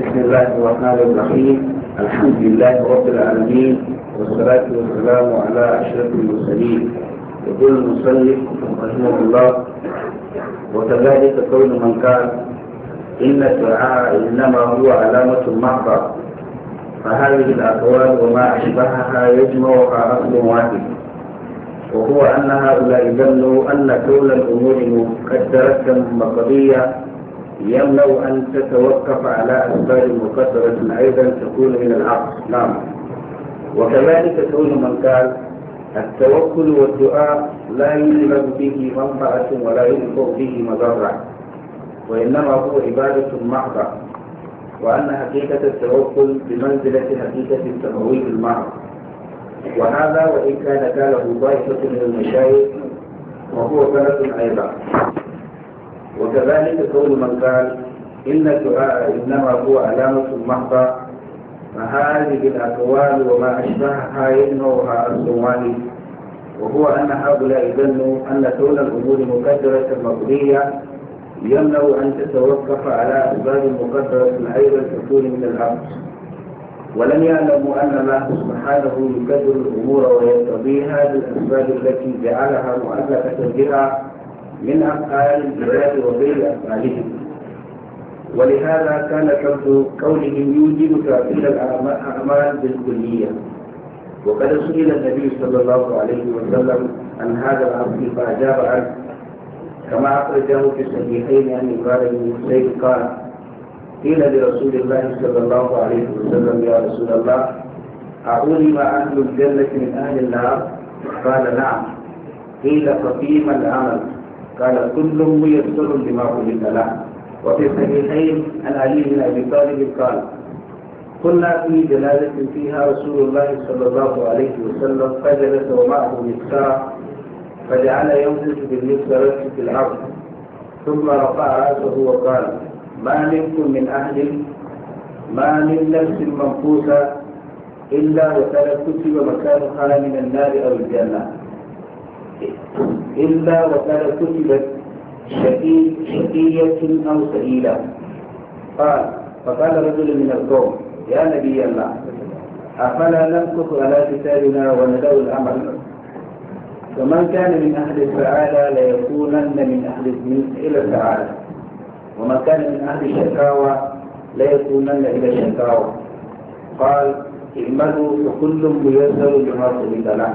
بسم الله الرحمن الرحيم الحمد لله رب العالمين والصلاة والسلام على أشرف المرسلين يقول المصلي رحمه الله وكذلك قول من قال إن الدعاء إنما هو علامة محضة فهذه الأقوال وما أشبهها يجمعها أصل واحد وهو أن هؤلاء ظنوا أن كل الأمور مقدرة مقضية ينبغي أن تتوقف على أسباب مقدرة أيضا تكون من العقل نعم وكذلك تقول من قال التوكل والدعاء لا يجلب به منفعة ولا ينفع به مضرة وإنما هو عبادة محضة وأن حقيقة التوكل بمنزلة حقيقة التمويل المحض وهذا وإن كان قاله ضعيفة من المشايخ وهو غلط أيضا وكذلك قول من قال إن الدعاء إنما هو علامة المحضة فهذه الأقوال وما أشبهها يمنعها الصومالي وهو أن هؤلاء ظنوا أن كون الأمور مقدرة مقضية يمنع أن تتوقف على أسباب مقدرة أيضا تكون من الأمر ولم يعلموا أن الله سبحانه يقدر الأمور ويقتضيها بالأسباب التي جعلها مؤلفة بها من أفعال العباد وغير أفعالهم ولهذا كان شرط كونه يوجب تعطيل الأعمال بالكلية وقد سئل النبي صلى الله عليه وسلم عن هذا الأمر فأجاب عنه كما أخرجه في الصحيحين عن إبراهيم بن حسين قال قيل لرسول الله صلى الله عليه وسلم يا رسول الله أعلم أهل الجنة من أهل النار قال نعم قيل ففيما العمل قال كل ميسر لما قلت له وفي الصحيحين عن علي بن ابي طالب قال كنا في جنازة فيها رسول الله صلى الله عليه وسلم فجلس ومعه مسكرة فجعل يمسك بالمسكرة في الأرض ثم رفع رأسه وقال ما منكم من أهل ما من نفس منفوسة إلا وكان كتب مكانها من النار أو الجنة إلا وقد كتبت شقية أو سئيلة قال فقال رجل من القوم يا نبي الله أفلا نمكث على كتابنا وندعو الأمل ومن كان من أهل السعادة ليكونن من أهل من إلى السعادة ومن كان من أهل الشكاوى ليكونن إلى الشكاوى قال اعملوا فكل ميسر لما سئل له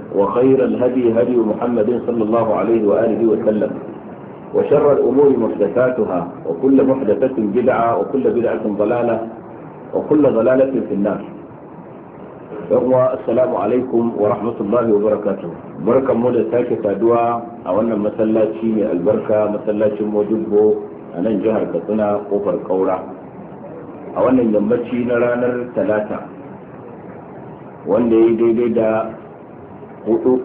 وخير الهدي هدي محمد صلى الله عليه وآله وسلم وشر الأمور محدثاتها وكل محدثة بدعة وكل بدعة ضلالة وكل ضلالة في النار يقوى السلام عليكم ورحمة الله وبركاته بركة مولى ساكتة دعاء أولا مسلاتي البركة مسلاتي موجبه أنا جهر كتنا قفر كورة أولا يمتشي نرانا ثلاثة wanda ya daidai da hudu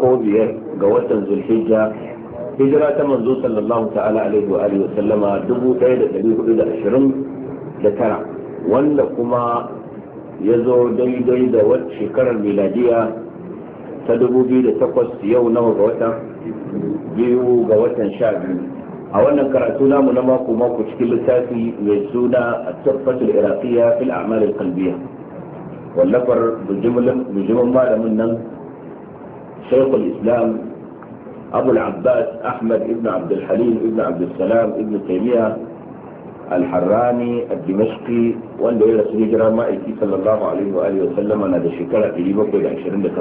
ko biyar ga watan zulhijja hijira ta manzo sallallahu ta'ala alaihi wa alihi sallama dubu ɗaya da ɗari hudu da ashirin da tara wanda kuma ya zo daidai da wata shekarar miladiya ta dubu biyu da takwas yau nawa ga watan biyu ga watan sha biyu a wannan karatu namu na mako mako cikin littafi mai suna a tabbatul iraqiyya fil a'mal al-qalbiyya wallafar bujumin malamin nan شيخ الإسلام أبو العباس أحمد ابن عبد الحليم ابن عبد السلام ابن تيمية الحراني الدمشقي وانده إلى سنجرة مائكي صلى الله عليه وآله وسلم أنا ده شكرا قريبا قيد عشرين ده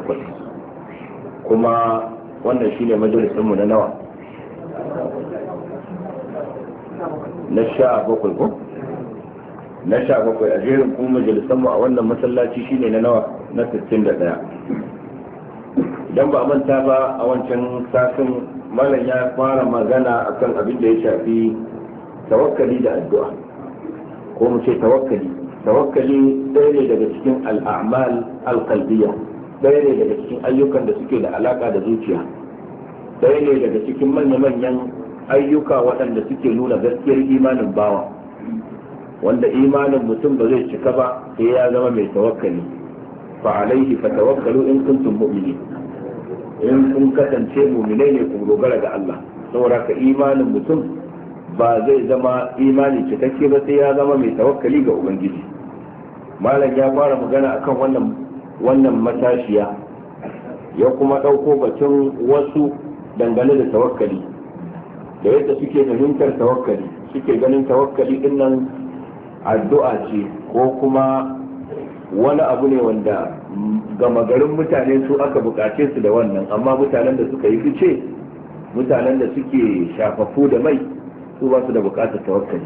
كما وانا شيل مجلس أمنا نوع نشاء بقلكم na sha bakwai a jerin kuma majalisan mu a wannan masallaci shine na nawa na 61 idan ba manta ba a wancan sasin malam ya fara magana akan abin da ya shafi tawakkali da addu'a ko mu ce tawakkali tawakkali ɗaya ne daga cikin al'amal alqalbiyya ɗaya ne daga cikin ayyukan da suke da alaka da zuciya ɗaya ne daga cikin manya-manyan ayyuka waɗanda suke nuna gaskiyar imanin bawa wanda imanin mutum ba zai cika ba sai ya zama mai tawakkali fa alaihi fa tawakkalu in kuntum mu'minin in kun kasance mu'minai ne ku dogara ga Allah saboda ka imanin mutum ba zai zama imani cikakke ba sai ya zama mai tawakkali ga ubangiji malam ya fara magana akan wannan wannan matashiya ya kuma ɗauko batun wasu dangane da tawakkali da yadda suke fahimtar tawakkali suke ganin tawakkali din nan addu'a ce ko kuma wani abu ne wanda gama garin mutane su aka bukace su da wannan amma mutanen da suka yi fice mutanen da suke shafafu da mai su ba su da bukatar tawakkali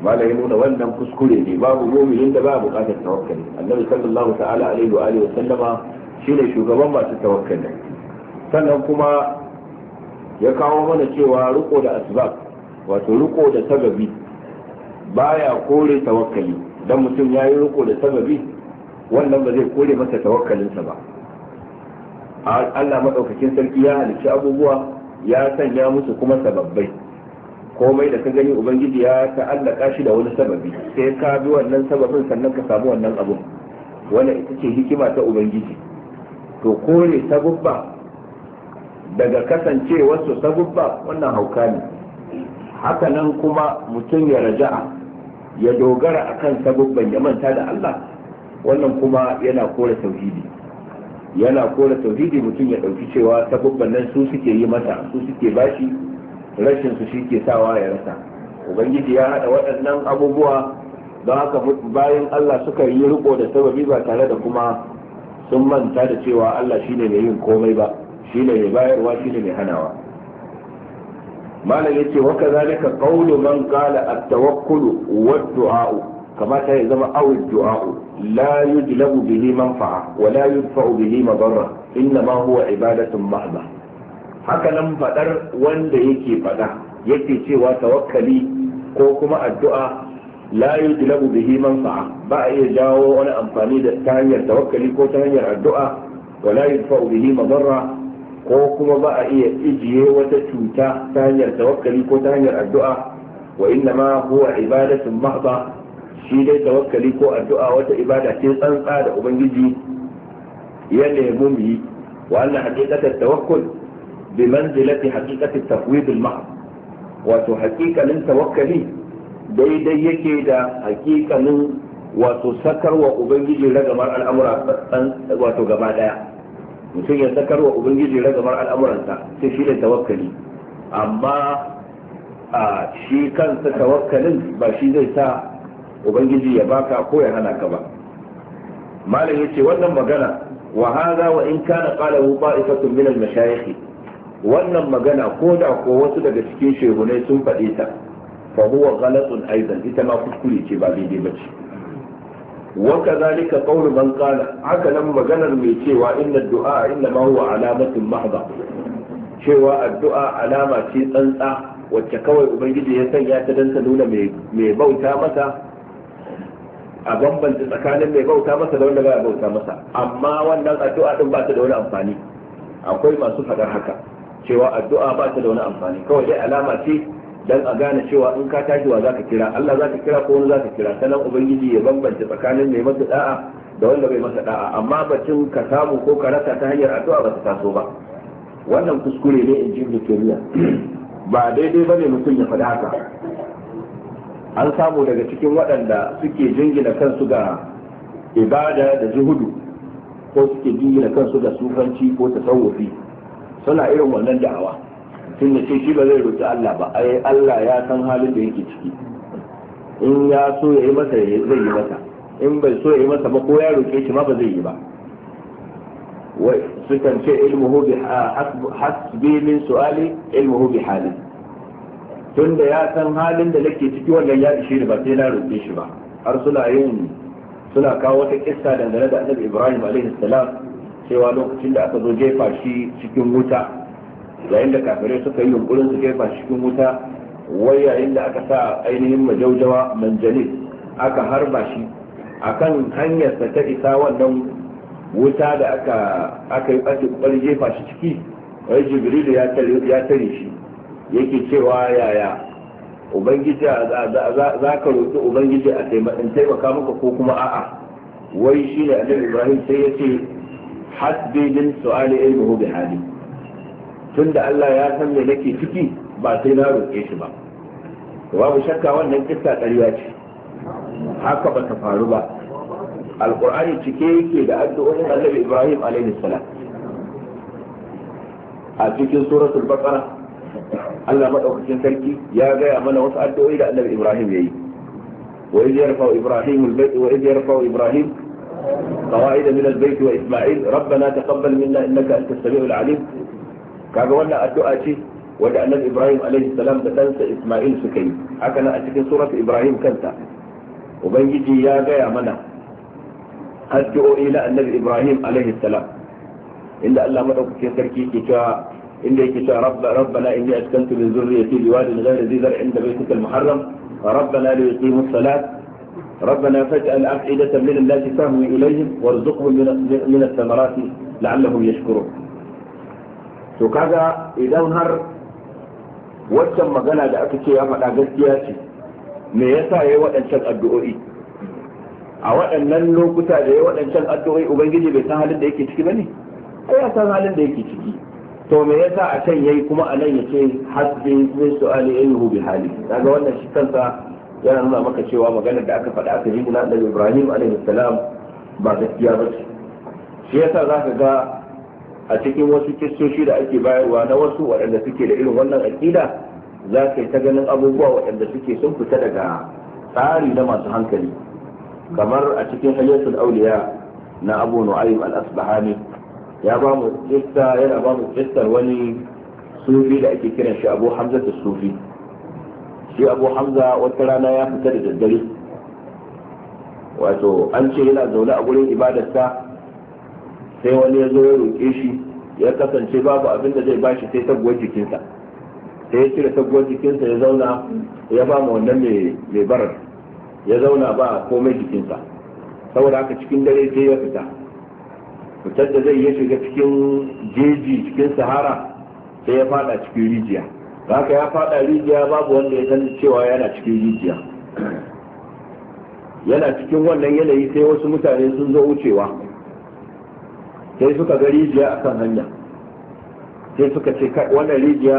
malai nuna wannan kuskure ne babu mu'minin da ba bukatar tawakkali annabi sallallahu ta'ala alaihi wa alihi wa sallama shine shugaban masu tawakkali sannan kuma ya kawo mana cewa riko da asbab wato riko da sababi baya kore tawakkali dan mutum ya yi riko da sababi wannan ba zai kore masa tawakkalinsa ba Allah madaukakin sarki ya halicci abubuwa ya sanya musu kuma sababbai komai da ka gani ubangiji ya ta'allaka shi da wani sababi sai ka bi wannan sababin sannan ka samu wannan abun wannan ita ce hikima ta ubangiji to kore sabubba daga kasancewarsu sabubba wannan hauka ne hakanan kuma mutum ya raja'a ya dogara a kan sabubban ya manta da Allah wannan kuma yana kora tauhidi yana kora tauhidi mutum ya dauki cewa sabubban nan su suke yi masa su suke bashi rashin su ke sawa ya rasa ubangiji ya hada waɗannan abubuwa don haka bayan Allah suka yi riko da sababi ba tare da kuma sun manta da cewa Allah shine mai yin komai ba shine mai bayarwa shine mai hanawa malam yace wa kadhalika qawlu man qala at-tawakkul wa ad-du'a kama ta zama awi du'a la yujlabu bihi manfa'a wa la yudfa'u bihi madarra inna ma huwa ibadatun mahdha haka nan fadar wanda yake fada yake cewa tawakkali ko kuma addu'a la yujlabu bihi manfa'a ba a iya jawo wani amfani da ta hanyar tawakkali ko ta hanyar addu'a wa la yudfa'u bihi madarra ko kuma ba a iya ijiye wata cuta ta hanyar tawakkali ko ta hanyar addu'a wa inna ma huwa ibadatun mahda shi dai tawakkali ko addu'a wata ibada ce tsantsa da ubangiji ya nemi mu yi wa anna haqiqatat tawakkul bi manzilati haqiqati tafwid al mahd wato haqiqanin tawakkali daidai yake da haqiqanin wato sakarwa ubangiji ragamar al'amura wato gaba daya mutum ya sakarwa ubangiji ragamar al'amuransa sai shi ne tawakkali amma a shi kansa tawakkalin ba shi zai sa ubangiji ya baka ko ya hana ka ba malam yace wannan magana wa hadha wa in kana hu ba'ifatun min al-mashayikh wannan magana ko da ko wasu daga cikin shehunai sun faɗe ta fa huwa ghalatun aidan ita ma kuskure ce ba daidai ba ce وكذلك قول من قال هكذا maganar mai cewa inna du'a inna ma huwa alamatin mahdha a addu'a alama ce tsantsa wacce kawai ubangiji ya sanya ta dan ta nuna mai bauta masa a tsakanin mai bauta masa da wanda baya bauta masa amma wannan addu'a din ba ta da wani amfani akwai masu faɗar haka cewa addu'a ba ta da wani amfani kawai dai alama ce dan a gane cewa in ka tashi wa zaka kira Allah zaka kira ko wani zaka kira sanan ubangiji ya bambance tsakanin mai masa da'a da wanda bai masa da'a amma bacin ka samu ko ka rasa ta hanyar addu'a ba ta taso ba wannan kuskure ne in ji Ibn ba daidai bane mutum ya faɗa haka an samu daga cikin waɗanda suke jingina kansu ga ibada da zuhudu ko suke jingina kansu ga sufanci ko tasawufi suna irin wannan da'awa tun da ce shi ba zai roƙi Allah ba ai Allah ya san halin da yake ciki in ya so ya yi masa zai yi masa in bai so ya yi masa ba ko ya roƙe shi ma ba zai yi ba wai sukan ce ilmuhu bi hasbi min su'ali ilmuhu bi hali tun da ya san halin da nake ciki wannan ya ishe ni ba sai na roƙe shi ba har suna yin suna kawo wata kissa dangane da Annabi Ibrahim alaihi salam cewa lokacin da aka zo jefa shi cikin wuta yayin da kafirai suka yi yunkurin su kai cikin wuta wai yayin da aka sa ainihin majaujawa manjalis aka harba shi akan da ta isa wannan wuta da aka aka yi ɓace ƙwari jefa shi ciki wai jibril ya tare shi yake cewa yaya ubangiji za ka roƙi ubangiji a taimaka maka ko kuma a'a wai shi ne annabi ibrahim sai ya ce hasbi min su'ali ilmuhu bi hali tun da Allah ya san me nake ciki ba sai na roƙe shi ba babu shakka wannan kissa ƙarya ce haka ba ta faru ba alƙur'ani cike yake da addu'o'in annabi Ibrahim alaihi salam a cikin suratul baqara Allah madaukakin sarki ya gaya mana wasu addu'o'i da annabi Ibrahim yayi wa idh yarfa'u Ibrahim al-bayt wa idh yarfa'u Ibrahim قواعد من البيت وإسماعيل ربنا تقبل منا إنك أنت السميع العليم kaga wannan addu'a ce wanda annabi Ibrahim alaihi salam da ɗansa Isma'il suka yi haka nan a cikin surat Ibrahim kanta ubangiji ya gaya mana addu'o'i na annabi Ibrahim alaihi salam inda Allah madaukakin sarki ke cewa inda yake cewa rabba rabbana inni askantu min zurriyyati biwadin ghayri dhi zar'in inda al muharram rabbana li yuqimu as-salat ربنا فاجعل أفئدة من الناس تهوي إليهم وارزقهم من الثمرات لعلهم يشكرون to kaga idan har waccan magana da aka ce ya faɗa gaskiya ce me yasa yi waɗancan addu'o'i a waɗannan lokuta da ya waɗancan addu'o'i ubangiji bai san halin da yake ciki bane ai ya san halin da yake ciki to me yasa a can yayi kuma a nan yace hasbi min su'ali ayyuhu bi hali kaga wannan shi kansa yana nuna maka cewa magana da aka faɗa a yi na Ibrahim alaihi salam ba gaskiya ba ce shi yasa zaka ga a cikin wasu kistoshi da ake bayarwa na wasu waɗanda suke da irin wannan aƙida za ka yi ta ganin abubuwa waɗanda suke sun fita daga tsari na masu hankali kamar a cikin hayyatul auliya na abu nu'aym al-asbahani ya ba mu kista yana ba mu kistar wani sufi da ake kiran shi abu hamza da sufi shi abu hamza wata rana ya fita da daddare wato an ce yana zaune a gurin ibadarsa sai wani ya zo ya roƙe shi ya kasance babu abin da zai bashi sai taguwar jikinsa sai ya cire taguwar jikinsa ya zauna ya ba mu wannan mai barar ya zauna ba komai jikinsa saboda haka cikin dare sai ya fita fitar da zai iya shiga cikin jeji cikin sahara sai ya fada cikin rijiya haka ya fada rijiya babu wanda ya san cewa yana cikin rijiya yana cikin wannan yanayi sai wasu mutane sun zo wucewa sai suka ga rijiya a kan hanya sai suka ce wannan rijiya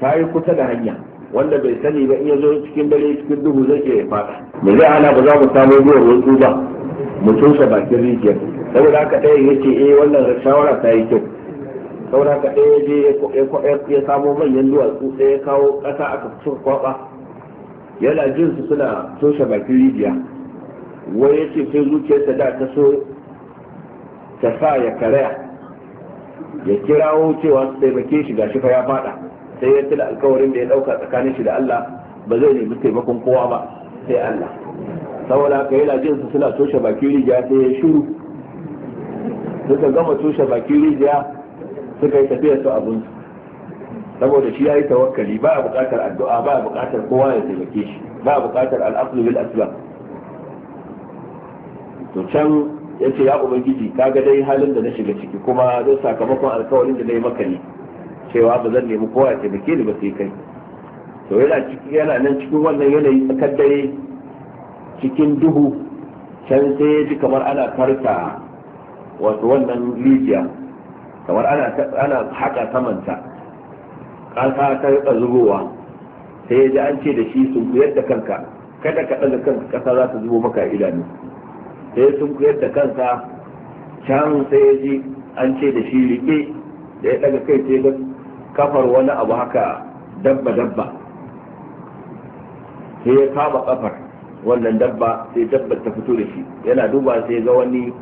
ta yi kusa da hanya wanda bai sani ba iya zo cikin dare cikin duhu zai ke fada me zai ana ba za mu samu ruwan wasu ba mu tusa bakin rijiyar saboda haka ɗaya ya ce eh wannan shawara ta yi kyau saboda haka ɗaya je ya samo manyan duwatsu ya kawo ƙasa aka suka kwaba yana jin su suna toshe bakin rijiya wai ya ce sai zuciyarsa da ta so ta sa ya karaya ya kirawo cewa su taimake shi gashi fa ya fada sai ya tuna alkawarin da ya dauka tsakanin shi da Allah ba zai nemi taimakon kowa ba sai Allah saboda haka yana jin su suna toshe bakin rijiya sai ya shiru suka gama toshe bakin rijiya suka yi tafiya su abin saboda shi ya yi tawakkali ba a buƙatar addu'a ba a buƙatar kowa ya taimake shi ba a buƙatar al'aqlu bil asbab to can ya ce ya ubangiji ka ga dai halin da na shiga ciki kuma zai sakamakon alkawarin da na yi maka ne cewa ba zan nemi kowa ya taimake ni ba sai kai to yana ciki yana nan cikin wannan yanayi tsakar dare cikin duhu can sai ya ji kamar ana farka wato wannan rijiya kamar ana haka samanta ƙasa ta yi zubowa sai ya ji an ce da shi sun kuyar da kanka kada ka ɗaga kanka ƙasa za ta zubo maka idanu sai sun kuyar da kansa can sai ya ji an ce da shi rike da ya daga kai ce ga kafar wani abu haka dabba dabba sai ya kama kafar wannan dabba sai dabba ta fito da shi yana duba sai ga wani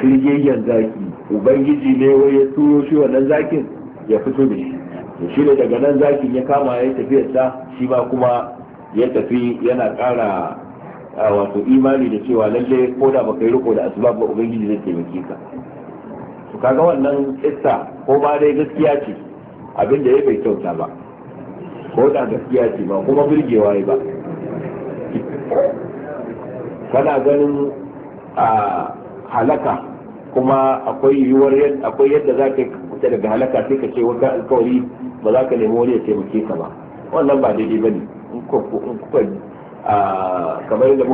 firgiyyen zaki ubangiji ne wai ya turo shi wannan zakin ya fito da shi da shi ne daga nan zakin ya kama ya yi shi ma kuma ya tafi yana ƙara wato imani da cewa lalle ko da baka yi riko da asbab ba ubangiji zai taimake ka to kaga wannan kissa ko ba dai gaskiya ce abin da ya bai kyauta ba ko da gaskiya ce ba kuma ya ba kana ganin a halaka kuma akwai yiwuwar akwai yadda za ka fita daga halaka sai ka ce wata alkawari ba za ka nemi wani ya taimake ka ba wannan ba daidai ba ne in kuka kamar yadda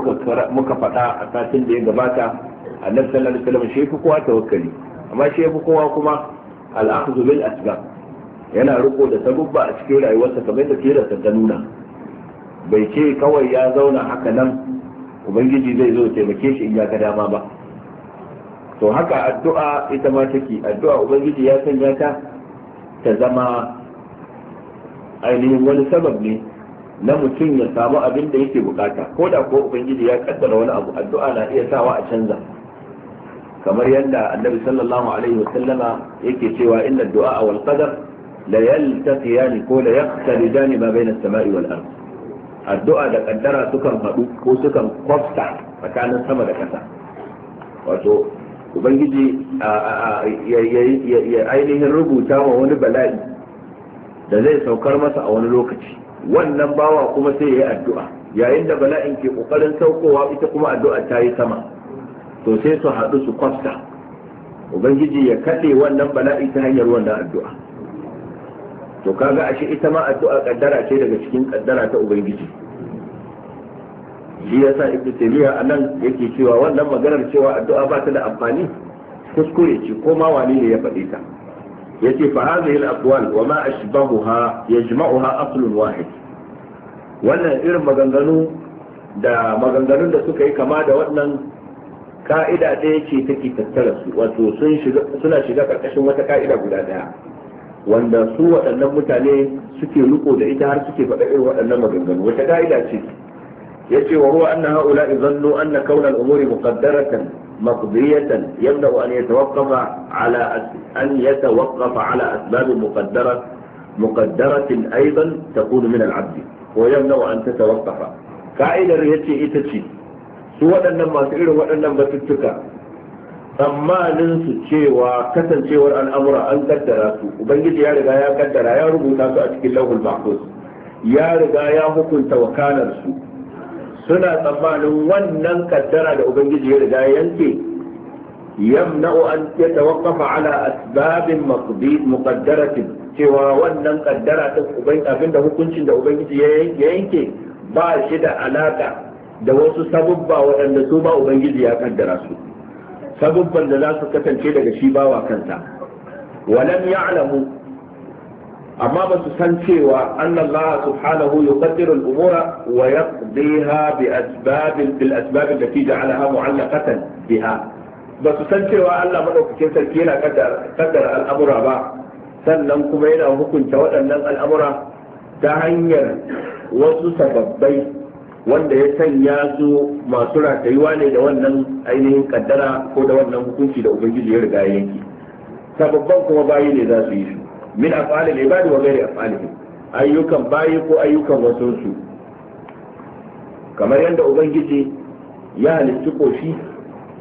muka faɗa a satin da ya gabata a sallallahu alaihi wasallam shi fi kowa tawakkali amma shi kowa kuma al'akhdhu bil asbab yana riko da sabubba a cikin rayuwarsa kamar yadda da ta nuna bai ce kawai ya zauna haka nan ubangiji zai zo taimake shi in ya ga dama ba to haka addu'a ita ma take addu'a ubangiji ya sanya ta ta zama ainihin wani sabab ne na mutum ya samu abin da yake bukata ko da ko ubangiji ya kaddara wani abu addu'a na iya sawa a canza kamar yadda annabi sallallahu alaihi wasallama yake cewa inna du'a wal qadar la yaltaqiyani ko la yaqtalidani ma bayna as-sama'i wal ard addu'a da kaddara sukan hadu ko sukan kwafta tsakanin sama da kasa wato ubangiji ya ainihin rubuta wa wani bala'i da zai saukar masa a wani lokaci wannan bawa kuma sai ya yi addu'a yayin da bala'in ke kokarin saukowa ita kuma addu'a ta yi sama to sai su haɗu su kwafta ubangiji ya kaɗe wannan bala'i ta hanyar wannan addu'a to kaga ashe ita ma addu'a kaddara ce daga cikin kaddara ta ubangiji shi yasa ibnu taymiya anan yake cewa wannan maganar cewa addu'a ba ta da amfani kuskure ce ko ma wani ne ya faɗi ta yace fa hadhihi al-aqwal wa ma ashbahuha yajma'uha aqlun wahid wannan irin maganganu da maganganun da suka yi kama da wannan ka'ida ɗaya ce take tattara su wato suna shiga ƙarƙashin wata ka'ida guda ɗaya wanda su waɗannan mutane suke riko da ita har suke faɗa irin waɗannan maganganu wata ka'ida ce yace wa huwa anna ha'ula zannu anna kauna al-umuri muqaddaratan مقضية يبدأ أن يتوقف على أن يتوقف على أسباب مقدرة مقدرة أيضا تكون من العبد ويمنع أن تتوقف قاعدة يتي إتشي سوى أن ما سئل وأن ما تتكى tsammanin su cewa kasancewar al'amura an kaddara su ubangiji ya riga ya kaddara ya rubuta su a cikin lauhul mahfuz ya riga ya hukunta wakalar su suna tsammanin wannan kaddara da ubangiji ya riga yanke yamna'u an yatawaqqafa ala asbabin muqaddaratin cewa wannan kaddara ta kafin da hukuncin da ubangiji ya yanke ba shi da alaka da wasu sabubba waɗanda su ba ubangiji ya kaddara su sabubban da za su kasance daga shi bawa kansa walam ya'lamu amma ba su san cewa annallaha subhanahu yuqaddiru al-umura wa yaqdiha bi asbab bil asbab allati ja'alaha mu'allaqatan biha ba su san cewa Allah madaukakin sarki yana kaddara al'amura ba sannan kuma yana hukunta waɗannan al'amura ta hanyar wasu sababbai wanda ya sanya su masu ratayuwa ne da wannan ainihin kaddara ko da wannan hukunci da ubangiji ya riga yanki sababban kuma bayi ne za su yi su min af'al al-ibad wa ghairi af'alihim ayyukan bayi ko ayyukan wasansu kamar yadda ubangiji ya halicci koshi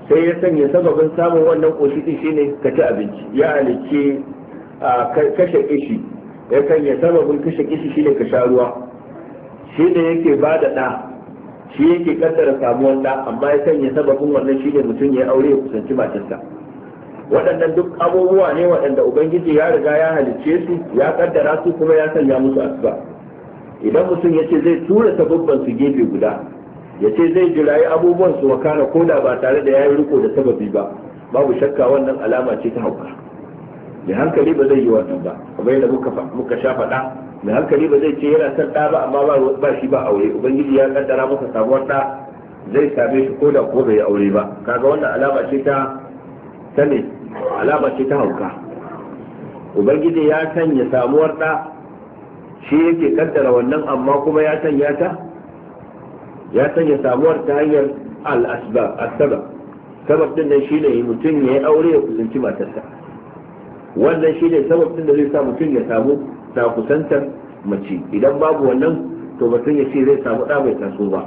sai ya sanya sababin samun wannan koshi din shine ka ci abinci ya halicci kashe kishi ya sanya sababin kashe kishi shine ka sha ruwa shine yake ba da ɗa shi yake kaddara samuwar ɗa amma ya sanya sababin wannan shine mutum ya aure ya kusanci matarsa waɗannan duk abubuwa ne waɗanda ubangiji ya riga ya halicce su ya kaddara su kuma ya sanya musu asuba idan mutum ya ce zai tura sababban su gefe guda ya ce zai jirayi abubuwan su makana koda ba tare da ya yi riko da sababi ba babu shakka wannan alama ce ta hauka mai hankali ba zai yi wannan ba kuma yadda muka sha faɗa mai hankali ba zai ce yana son ɗa ba amma ba shi ba aure ubangiji ya kaddara masa samuwar ɗa zai same shi koda ko bai aure ba kaga wannan alama ce ta ta ne alama ce ta hauka ubangiji ya sanya samuwar da shi yake kaddara wannan amma kuma ya sanya ta ya sanya samuwar ta hanyar al-asbab as-sabab din nan shine mutum ya yi aure ya kusanci matarsa wannan shine sabab din da zai sa mutum ya samu ta kusantar mace idan babu wannan to batun ya ce zai samu da mai taso ba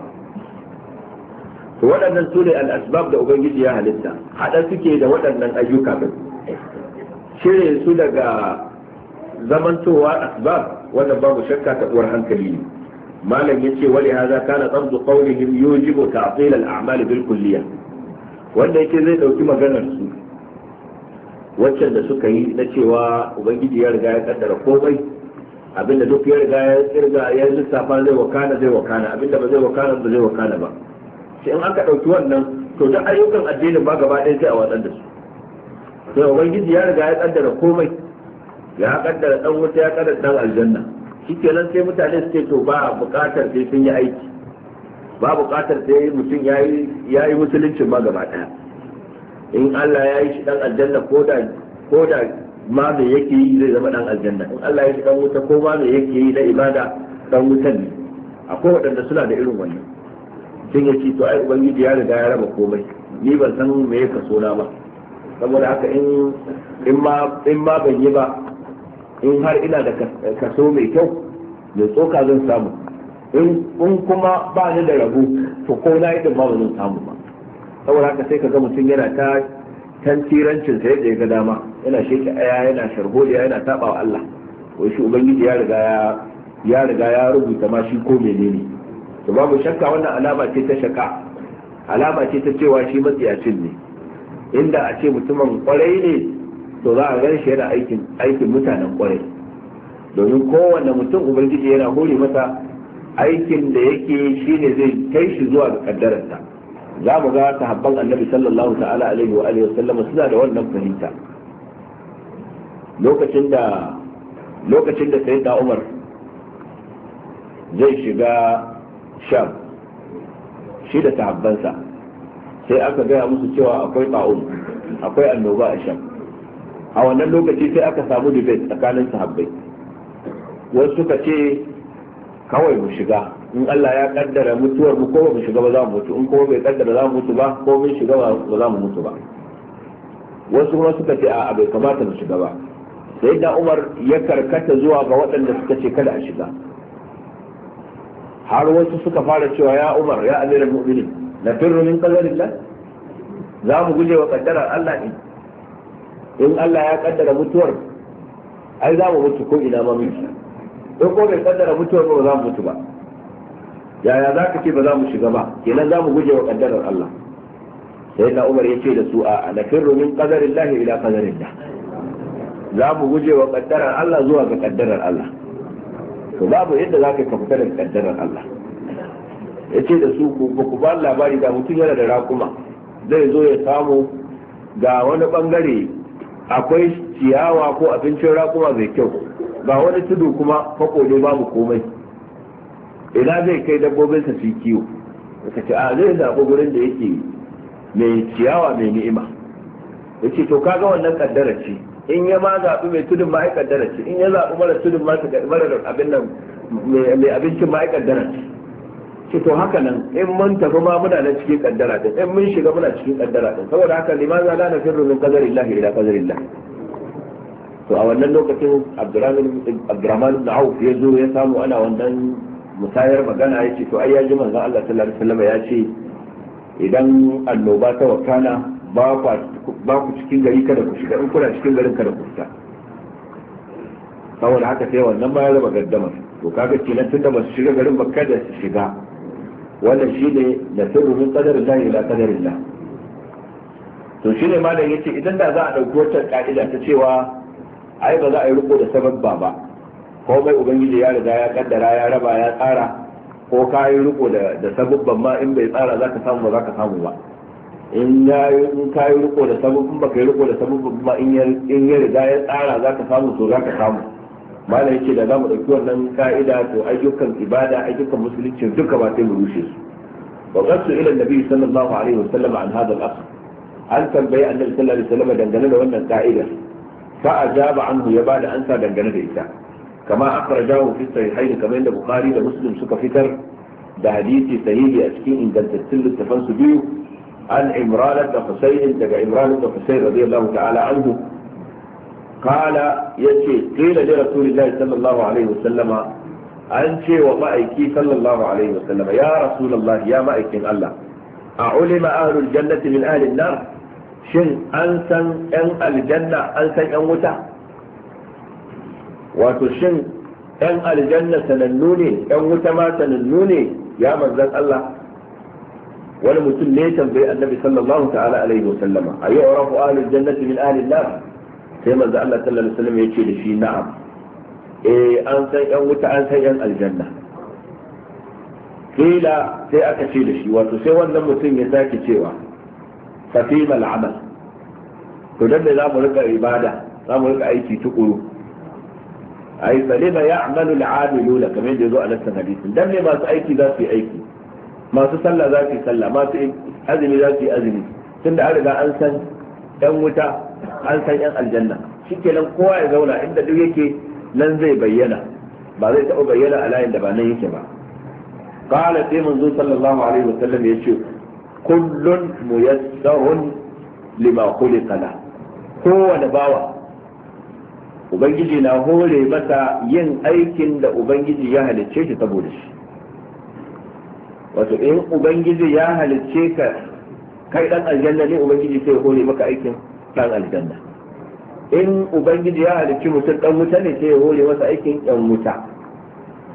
waɗannan su ne al'asbab da ubangiji ya halitta haɗa suke da waɗannan ayyuka ɗin cire su daga zamantowa asbab wannan babu shakka ta uwar hankali ne malam ya yace wali hadha kana qabdu qawlihim yujibu ta'til al-a'mal bil kulliyah wanda yake zai ɗauki maganar su waccan da suka yi na cewa ubangiji ya riga ya kaddara komai abinda duk ya riga ya tsirga ya lissafa zai wakana zai wakana abinda ba zai wakana ba zai wakana ba sai in aka ɗauki wannan to duk ayyukan addinin ba gaba ɗaya sai a watsar da su to ubangiji ya riga ya kaddara komai ya kaddara dan wuta ya kaddara dan aljanna shikenan sai mutane su ce to ba buƙatar sai sun yi aiki ba buƙatar sai mutum ya yi musulunci ma gaba ɗaya in Allah ya yi shi dan aljanna ko da ko da ma me yake yi zai zama dan aljanna in Allah ya shi dan wuta ko ma me yake yi na ibada dan wutan ne akwai waɗanda suna da irin wannan sun ya ce to ai ubangiji ya riga ya raba komai ni ban san me ya kaso na ba saboda haka in in ma ban yi ba in har ina da kaso mai kyau mai tsoka zan samu in kuma ba ni da rabu to ko na yi ba zan samu ba saboda haka sai ka ga mutum yana ta tantirancin sa yadda ya ga dama yana sheke aya yana sharhodiya yana tabawa Allah wai shi ubangiji ya riga ya ya riga ya rubuta ma shi ko menene to babu shakka wannan alama ce ta shaka alama ce ta cewa shi matsiyacin ne inda a ce mutumin kwarai ne to za a gan shi yana aikin mutanen kwarai domin kowanne mutum ubangiji yana hori masa aikin da yake shi ne zai kai shi zuwa ga kaddararsa za mu ga sahabban annabi sallallahu ta'ala alaihi wa alihi wasallama suna da wannan fahimta lokacin da lokacin da sayyida umar zai shiga sham shi da ta'abbansa. sai aka gaya musu cewa akwai ta'un akwai annoba a sham a wannan lokaci sai aka samu debate tsakanin sahabbai wasu suka ce kawai mu shiga in Allah ya kaddara mutuwar mu ko mu shiga ba za mu mutu in kuma bai kaddara za mu mutu ba ko mun shiga ba za mu mutu ba wasu kuma suka ce a bai kamata mu shiga ba sai da Umar ya karkata zuwa ga waɗanda suka ce kada a shiga har wasu suka fara cewa ya umar ya amira mu'mini na firru min qadarillah za mu guje wa kaddarar Allah ne in Allah ya kaddara mutuwar ai za mu mutu ko ina ma mun in ko bai kaddara mutuwar ba za mu mutu ba yaya za ka ce ba za mu shiga ba kenan za mu guje wa kaddarar Allah sai da umar ya ce da su a na firru min qadarillah ila qadarillah za mu guje wa kaddarar Allah zuwa ga kaddarar Allah to babu yadda za ka kamfara da kaddarar Allah ya ce da su ku ku ba labari da mutum yana da rakuma zai zo ya samu ga wani bangare akwai ciyawa ko abincin rakuma mai kyau ga wani tudu kuma fakole babu komai ina zai kai dabbobinsa su kiwo ka ce a zai zaɓi gurin da yake mai ciyawa mai ni'ima ya ce to kaga wannan kaddara ce in ya ma zaɓi mai tudun ma aikar dana in ya zaɓi mara tudun ma su abin nan mai abincin ma aikar dana ce to haka nan in mun tafi ma muna nan cikin kaddara din in mun shiga muna cikin kaddara din saboda haka limaza la rumin min qadarillah ila qadarillah to a wannan lokacin Abdurrahman ibn Auf ya zo ya samu ana wannan musayar magana ya ce to ai ya ji manzon Allah sallallahu alaihi wasallam ya ce idan annoba ta wakana ba ku cikin gari kada ku shiga in kuna cikin garin kada ku fita saboda haka sai wannan ma ya zama gaddamar to kaga kenan tunda da masu shiga garin ba kada su shiga wannan ne nasiru sirrin qadarin lahi ila qadarin lahi to ne malam yace idan da za a dauki wata ka'ida ta cewa ai ba za a yi riko da sababba ba mai ubangiji ya riga ya kaddara ya raba ya tsara ko ka yi riko da sababban ma in bai tsara zaka samu ba zaka samu ba in ya ka yi riko da sababin ba ka yi riko da sababin ba in ya riga ya tsara za ka samu to za ka samu malam yake da za mu ɗauki wannan ka'ida to ayyukan ibada ayyukan musulunci duka ba sai mu rushe su wa qasu ila nabi sallallahu alaihi wasallam an hada al-asr an tambayi annabi sallallahu alaihi wasallam dangane da wannan ka'ida fa ajaba anhu ya bada ansa dangane da ita كما أخرجه في الصحيحين كما أن البخاري ومسلم سكا فتر ده حديث صحيح a cikin كانت littafan su biyu. an imran da husayn daga imran da husayn radiyallahu ta'ala anhu qala yace qila li rasulillahi sallallahu alaihi wasallama an ce wa ma'aiki sallallahu alaihi wasallama ya rasulullahi ya ma'aikin Allah a ulima ahlul jannati min ahlin nar shin an yan aljanna an san yan wuta wato shin yan aljanna sanannu ne yan wuta ma sanannu ne ya manzan Allah wani mutum ne ya tambayi annabi sallallahu ta'ala alaihi wa sallama a yau rafu ahlul jannati min ahlil nar sai manzo Allah sallallahu alaihi wasallam ya ce da shi na'am eh an san yan wuta an san yan aljanna kila sai aka ce da shi wato sai wannan mutum ya sake cewa fatima al'amal to dan da zamu rika ibada zamu rika aiki tukuru ai salima ya'malu al'amilu la kamar da yazo a nan hadisin dan ne masu aiki za su yi aiki masu sallah za su yi sallah masu azumi za su yi azumi tunda an riga an san yan wuta an san yan aljanna shi ke nan kowa ya zauna inda duk yake nan zai bayyana ba zai taɓa bayyana a layin da ba nan yake ba qala sai manzo sallallahu alaihi sallam ya ce kullun muyassarun lima khuliqa la kowane bawa ubangiji na hore masa yin aikin da ubangiji ya halicce shi saboda shi wato in ubangiji ya halicce ka kai dan aljanna ne ubangiji sai ya hore maka aikin dan aljanna in ubangiji ya halicci mutum dan wuta ne sai ya hore masa aikin yan wuta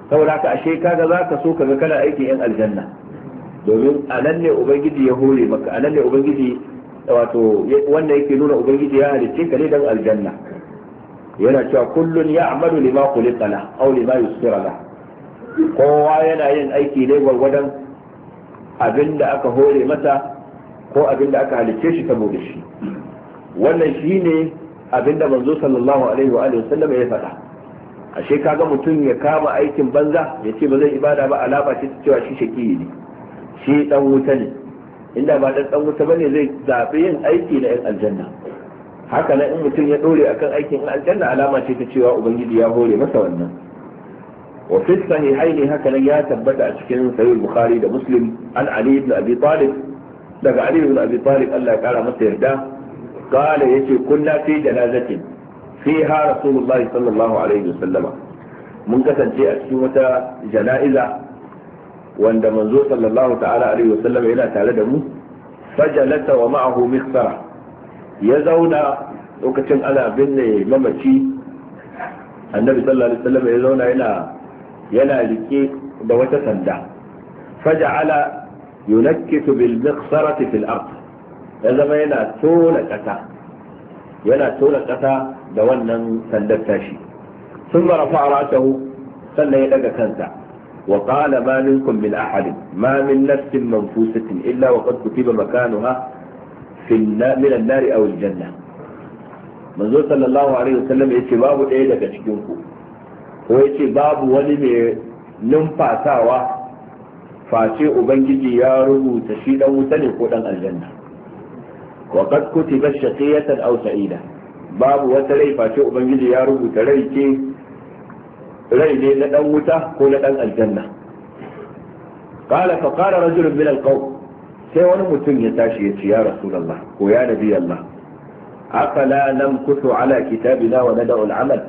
saboda ka ashe kaga zaka so ka ga kana aikin yan aljanna domin anan ne ubangiji ya hore maka anan ne ubangiji wato wanda yake nuna ubangiji ya halicce ka ne dan aljanna yana cewa kullun ya'malu lima khuliqa la aw lima yusira la kowa yana yin aiki ne gwargwadon abin da aka hore masa ko abin da aka halicce shi saboda shi wannan shi ne abin da manzo sallallahu alaihi wa sallam ya faɗa ashe kaga mutum ya kama aikin banza ya ce ba zai ibada ba alama ce cewa shi shaki ne shi dan wuta ne inda ba dan wuta bane zai zaɓi yin aiki na yan aljanna haka nan in mutum ya dore akan aikin aljanna alama ce ta cewa ubangiji ya hore masa wannan wa fi sahihaini haka nan ya tabbata a cikin sahih bukhari da muslim an ali ibn abi talib daga ali ibn abi talib Allah kara masa yarda qala yace kunna fi janazatin fiha rasulullahi sallallahu alaihi wasallama mun kasance a cikin wata jana'iza wanda manzo sallallahu ta'ala alaihi wasallam yana tare da mu fajalata wa ma'ahu mikhsara ya zauna lokacin ana binne mamaci annabi sallallahu alaihi ya zauna yana yana rike da wata sanda faja'ala yunakkitu bil miqsarati fil ard ya zama yana tona kasa yana tona kasa da wannan sandar tashi sun mara fa'aratahu sannan ya daga kansa wa qala ma minkum min ahad ma min nafsin manfusatin illa wa qad kutiba makanuha fi min an-nar aw al-janna manzo sallallahu alaihi wasallam yace babu ɗaya daga cikin ku ko ya ce babu wani mai numfasawa face ubangiji ya rubuta shi dan wuta ne ko dan aljanna wa qad kutiba shaqiyatan aw sa'ida babu wata rai face ubangiji ya rubuta rai ce rai ne na dan wuta ko na dan aljanna qala fa qala rajul min alqawm sai wani mutum ya tashi ya ce ya rasulullah ko ya nabi allah afala namkutu ala kitabina wa nad'u al'amal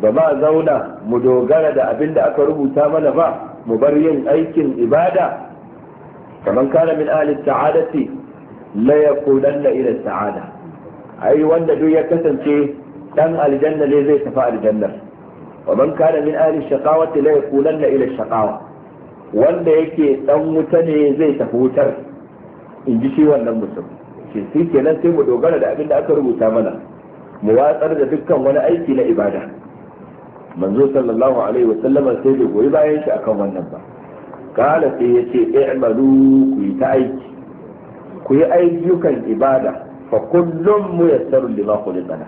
ba ma zauna mu dogara da abin da aka rubuta mana ba mu bar yin aikin ibada kaman kana min ahli sa'adati la yaqulanna ila sa'ada ai wanda duk ya kasance dan aljanna ne zai tafi aljanna wa man kana min ahli shaqawati la yaqulanna ila shaqawa wanda yake dan wuta ne zai tafi wutar in ji shi wannan mutum shi shi kenan sai mu dogara da abin da aka rubuta mana mu watsar da dukkan wani aiki na ibada manzo sallallahu alaihi wa sallama sai da goyi bayan shi akan wannan ba kala sai ya ce i'malu ku yi ta aiki ku yi ayyukan ibada fa kullum muyassaru lima khuliqana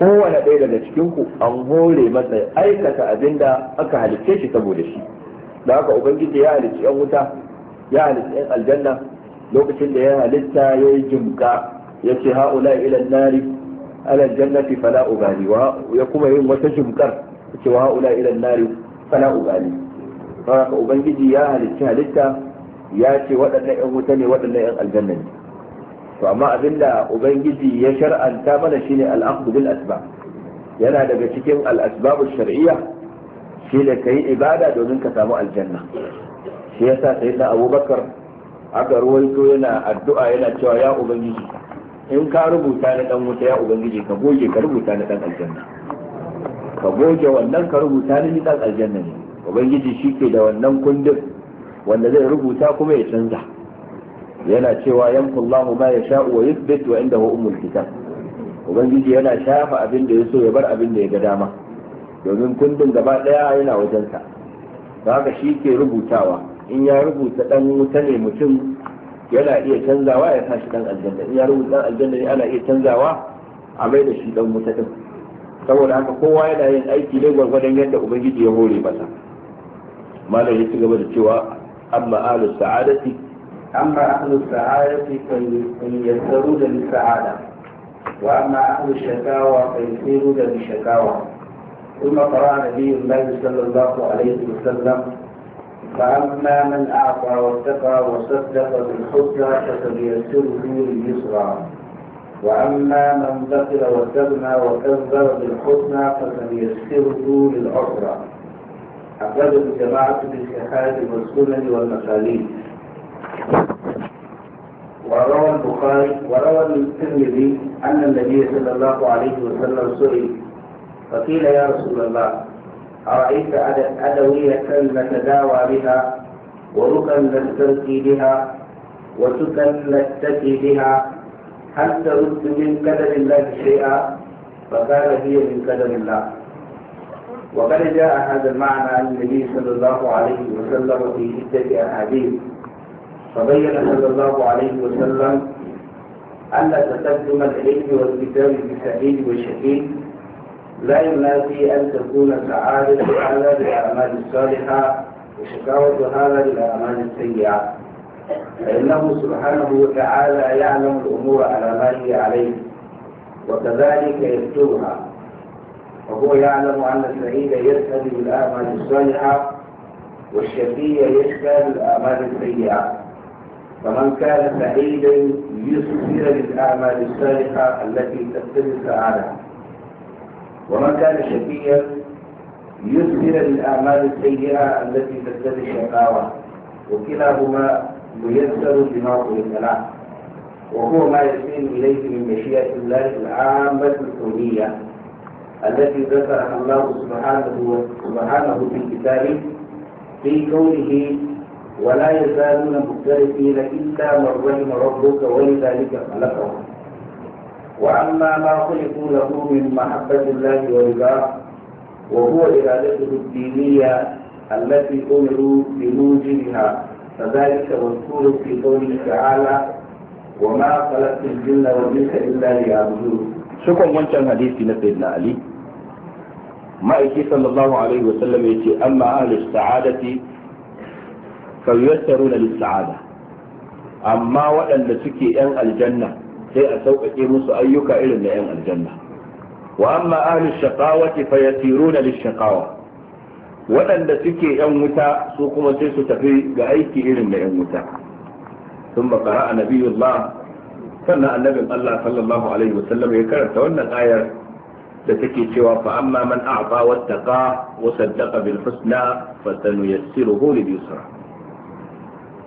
kowane ɗaya daga cikin ku an hore masa aikata abinda aka halicce shi saboda shi da haka ubangiji ya halicci yan wuta ya halicci yan aljanna lokacin da ya halitta ya yi jimka ya ce ha'ula ila nari alal jannati fala ubali wa ya kuma yin wata jumkar cewa haula ila nari fala ubali haka ubangiji ya halicci halitta ya ce waɗannan yan wuta ne waɗannan yan aljanna ne to amma abinda ubangiji ya shar'anta mana shine al-akhdhu bil asbab yana daga cikin al-asbab ash-shar'iyya shine kai ibada domin ka samu aljanna shi yasa sayyidina Abubakar aka ruwaito yana addu'a yana cewa ya ubangiji in ka rubuta na dan wuta ya ubangiji ka goge ka rubuta na dan aljanna ka goge wannan ka rubuta na ni dan aljanna ne ubangiji shi ke da wannan kundin wanda zai rubuta kuma ya canza yana cewa yanku ma yasha sha'u wa yuthbit wa indahu umul kitab ubangiji yana shafa abin da ya so ya bar abin da ya ga dama domin kundin gaba daya yana wajensa haka shi ke rubutawa in ya rubuta dan wuta ne mutum yana iya canzawa ya tashi dan aljanna in ya rubuta dan aljanna ne ana iya canzawa a mai da shi dan wuta saboda haka kowa yana yin aiki ne gwargwadon yadda ubangiji ya hore masa malam ya ci gaba da cewa amma ahlus sa'adati amma ahlus sa'adati kan yassaru da sa'ada wa amma ahlus shakawa kan yasiru da shakawa kuma قرأ نبي sallallahu alaihi wasallam فأما من أعطى واتقى وصدق بالحسنى فسنيسره لليسرى وأما من بخل واستغنى وكذب بالحسنى فسنيسره للعسرى أخرجه الجماعة بالشهاده والسنن والمساليك وروى البخاري وروى الترمذي أن النبي صلى الله عليه وسلم سئل فقيل يا رسول الله أرأيت أدوية نتداوى بها ورقا نسترقي بها وسكا نتكي بها هل ترد من قدر الله شيئا فقال هي من قدر الله وقد جاء هذا المعنى عن النبي صلى الله عليه وسلم في عدة أحاديث فبين صلى الله عليه وسلم أن تقدم العلم والكتاب بسعيد والشهيد لا ينافي أن تكون سعادة هذا الأعمال الصالحة وشكاوة هذا للأعمال السيئة فإنه سبحانه وتعالى يعلم الأمور على ما هي عليه وكذلك يكتبها وهو يعلم أن السعيد يشهد بالأعمال الصالحة والشقي يشهد بالأعمال السيئة فمن كان سعيدا يسر للأعمال الصالحة التي تقتضي السعادة ومن كان شبيا يسهل للاعمال السيئة التي تزداد الشقاوة وكلاهما ميسر بما قلت وهو ما يسير إليه من مشيئة الله العامة الكونية التي ذكرها الله سبحانه سبحانه في كتابه في كونه ولا يزالون مختلفين إلا من رحم ربك ولذلك خلقهم وأما ما خلقوا له من محبة الله ورضاه وهو إرادته الدينية التي أمروا بموجبها فذلك مذكور في قوله تعالى وما خلقت الجن والإنس إلا ليعبدون شكرا وانشان حديثي سيدنا علي ما يكي صلى الله عليه وسلم amma أما أهل السعادة فييسرون للسعادة أما وأن waɗanda أن الجنة sai a sauƙaƙe musu ayyuka irin da 'yan aljanna wa amma ahli shaqawati fa na lishaqawa waɗanda suke 'yan wuta su kuma sai su tafi ga aiki irin da 'yan wuta sun bakara a Allah. sannan annabin Allah sallallahu alaihi sallam ya karanta wannan ayar da take cewa fa amma man a'ta wattaqa wa saddaqa bil husna fa sanuyassiruhu lil yusra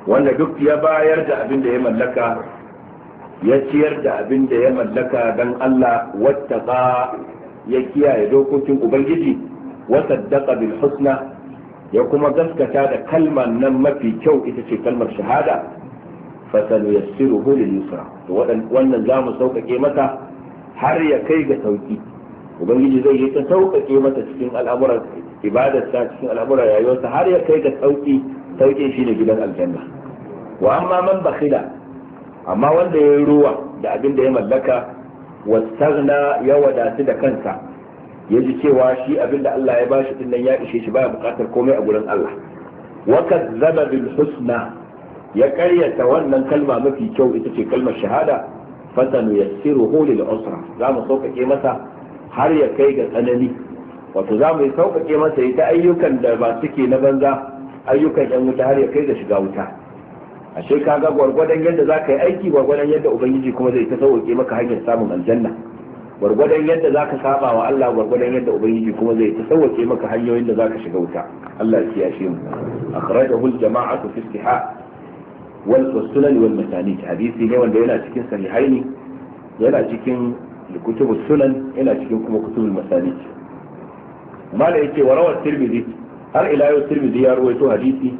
wanda duk ya bayar da abin da ya mallaka ya ciyar da abin da ya mallaka dan Allah ba ya kiyaye dokokin ubangiji wata saddaqa husna ya kuma gaskata da kalmar nan mafi kyau ita ce kalmar shahada fasanu yassiruhu lil yusra to za zamu sauƙaƙe mata har ya kai ga sauƙi? ubangiji zai yi ta sauƙaƙe mata cikin al'amuran ibadarsa cikin al'amuran rayuwarsa har ya kai ga sauƙi, sauƙin shi ne gidan aljanna wa amma man bakhila amma wanda ya yi ruwa da abin da ya mallaka na ya wadatu da kansa ya ji cewa shi abin da Allah ya bashi din nan ya ishe shi baya bukatar komai a gurin Allah wa kazzaba bil husna ya karyata wannan kalma mafi kyau ita ce kalmar shahada fasanu huli lil usra za mu sauƙaƙe masa har ya kai ga tsanani wato za mu sauƙaƙe masa ita ayyukan da ba suke na banza ayyukan yan wuta har ya kai ga shiga wuta ashe ga gwargwadon yadda za ka yi aiki gwargwadon yadda ubangiji kuma zai ta sauke maka hanyar samun aljanna gwargwadon yadda za ka saba wa Allah gwargwadon yadda ubangiji kuma zai ta sauke maka hanyoyin da za ka shiga wuta Allah ya kiyashe mu akhrajahu aljama'atu fi istiha wal sunan wal masanid hadisi ne wanda yana cikin sahihaini yana cikin kutubu sunan yana cikin kuma kutubul masanid mala yake warawat tirmidhi har ila yau tirmidhi ya ruwaito hadisi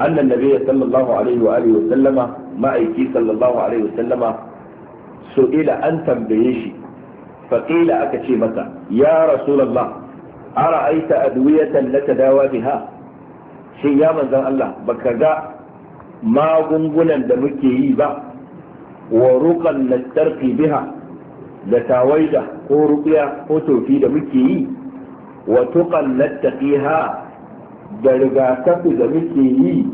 أن النبي صلى الله عليه وآله وسلم ما أيكي صلى الله عليه وسلم سئل أن تنبيشي فقيل أكشي متى يا رسول الله أرأيت أدوية نتداوى بها شيء يا من ذا الله بكذا ما قنقنا دمكي با ورقا نسترقي بها لتاويدة ko ruƙiya ko tofi da muke yi wa tuƙan nattaƙiha da rigakafi da muke yi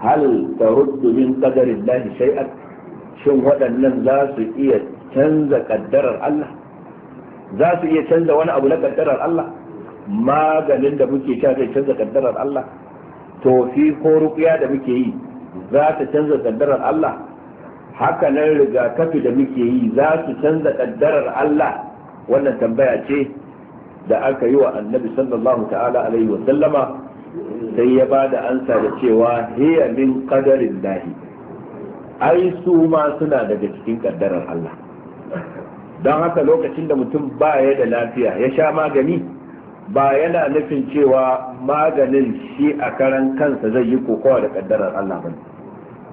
hal ta ruddu min qadarin lahi shin waɗannan za su iya canza kaddarar Allah za su iya canza wani abu na kaddarar Allah maganin da muke sha zai canza kaddarar Allah tofi ko ruqiya da muke yi za ta canza kaddarar Allah haka nan rigakafi da muke yi za su canza kaddarar Allah wannan tambaya ce da aka yi wa annabi sallallahu ta'ala alaihi wa sallama sai ya ba da ansa da cewa hiya min kadarin lahi ai su ma suna daga cikin kaddarar Allah don haka lokacin da mutum ba ya da lafiya ya sha magani ba yana nufin cewa maganin shi a karan kansa zai yi kokowa da kaddarar Allah ba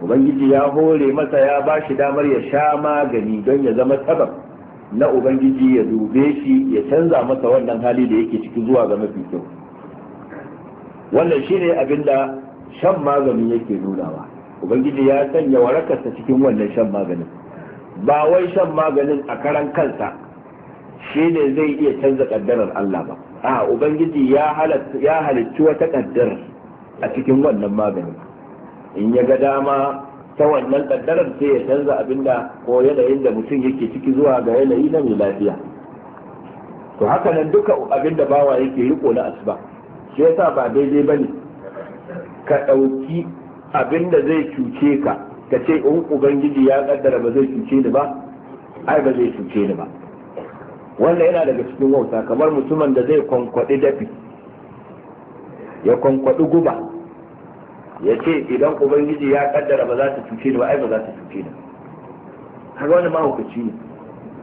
ubangiji ya hore masa ya ba shi damar ya sha magani don ya zama sabab na ubangiji ya dube shi ya canza masa wannan hali da yake ciki zuwa ga mafi kyau wannan shi shine abinda shan magani yake nunawa ubangiji ya sanya warakarsa cikin wannan shan maganin ba wai shan maganin a karan kansa shi ne zai iya canza kaddarar Allah ba a ubangiji ya halicci wata kaddarar a cikin wannan maganin in ya ga dama ta wannan kaddarar sai ya canza abinda ko yanayin da mutum yake ciki zuwa ga yanayi na mai lafiya to haka nan duka abinda bawa yake riko na asuba shi yasa ba daidai ba ne ka ɗauki abin da zai cuce ka ka ce in ubangiji ya kaddara ba zai cuce ni ba ai ba zai cuce ni ba wannan yana daga cikin wauta kamar mutumin da zai kwankwaɗi dafi ya kwankwaɗi guba ya ce idan ubangiji ya kaddara ba za ta cuce ni ba ai ba za ta cuce ni har wani mahaukaci ne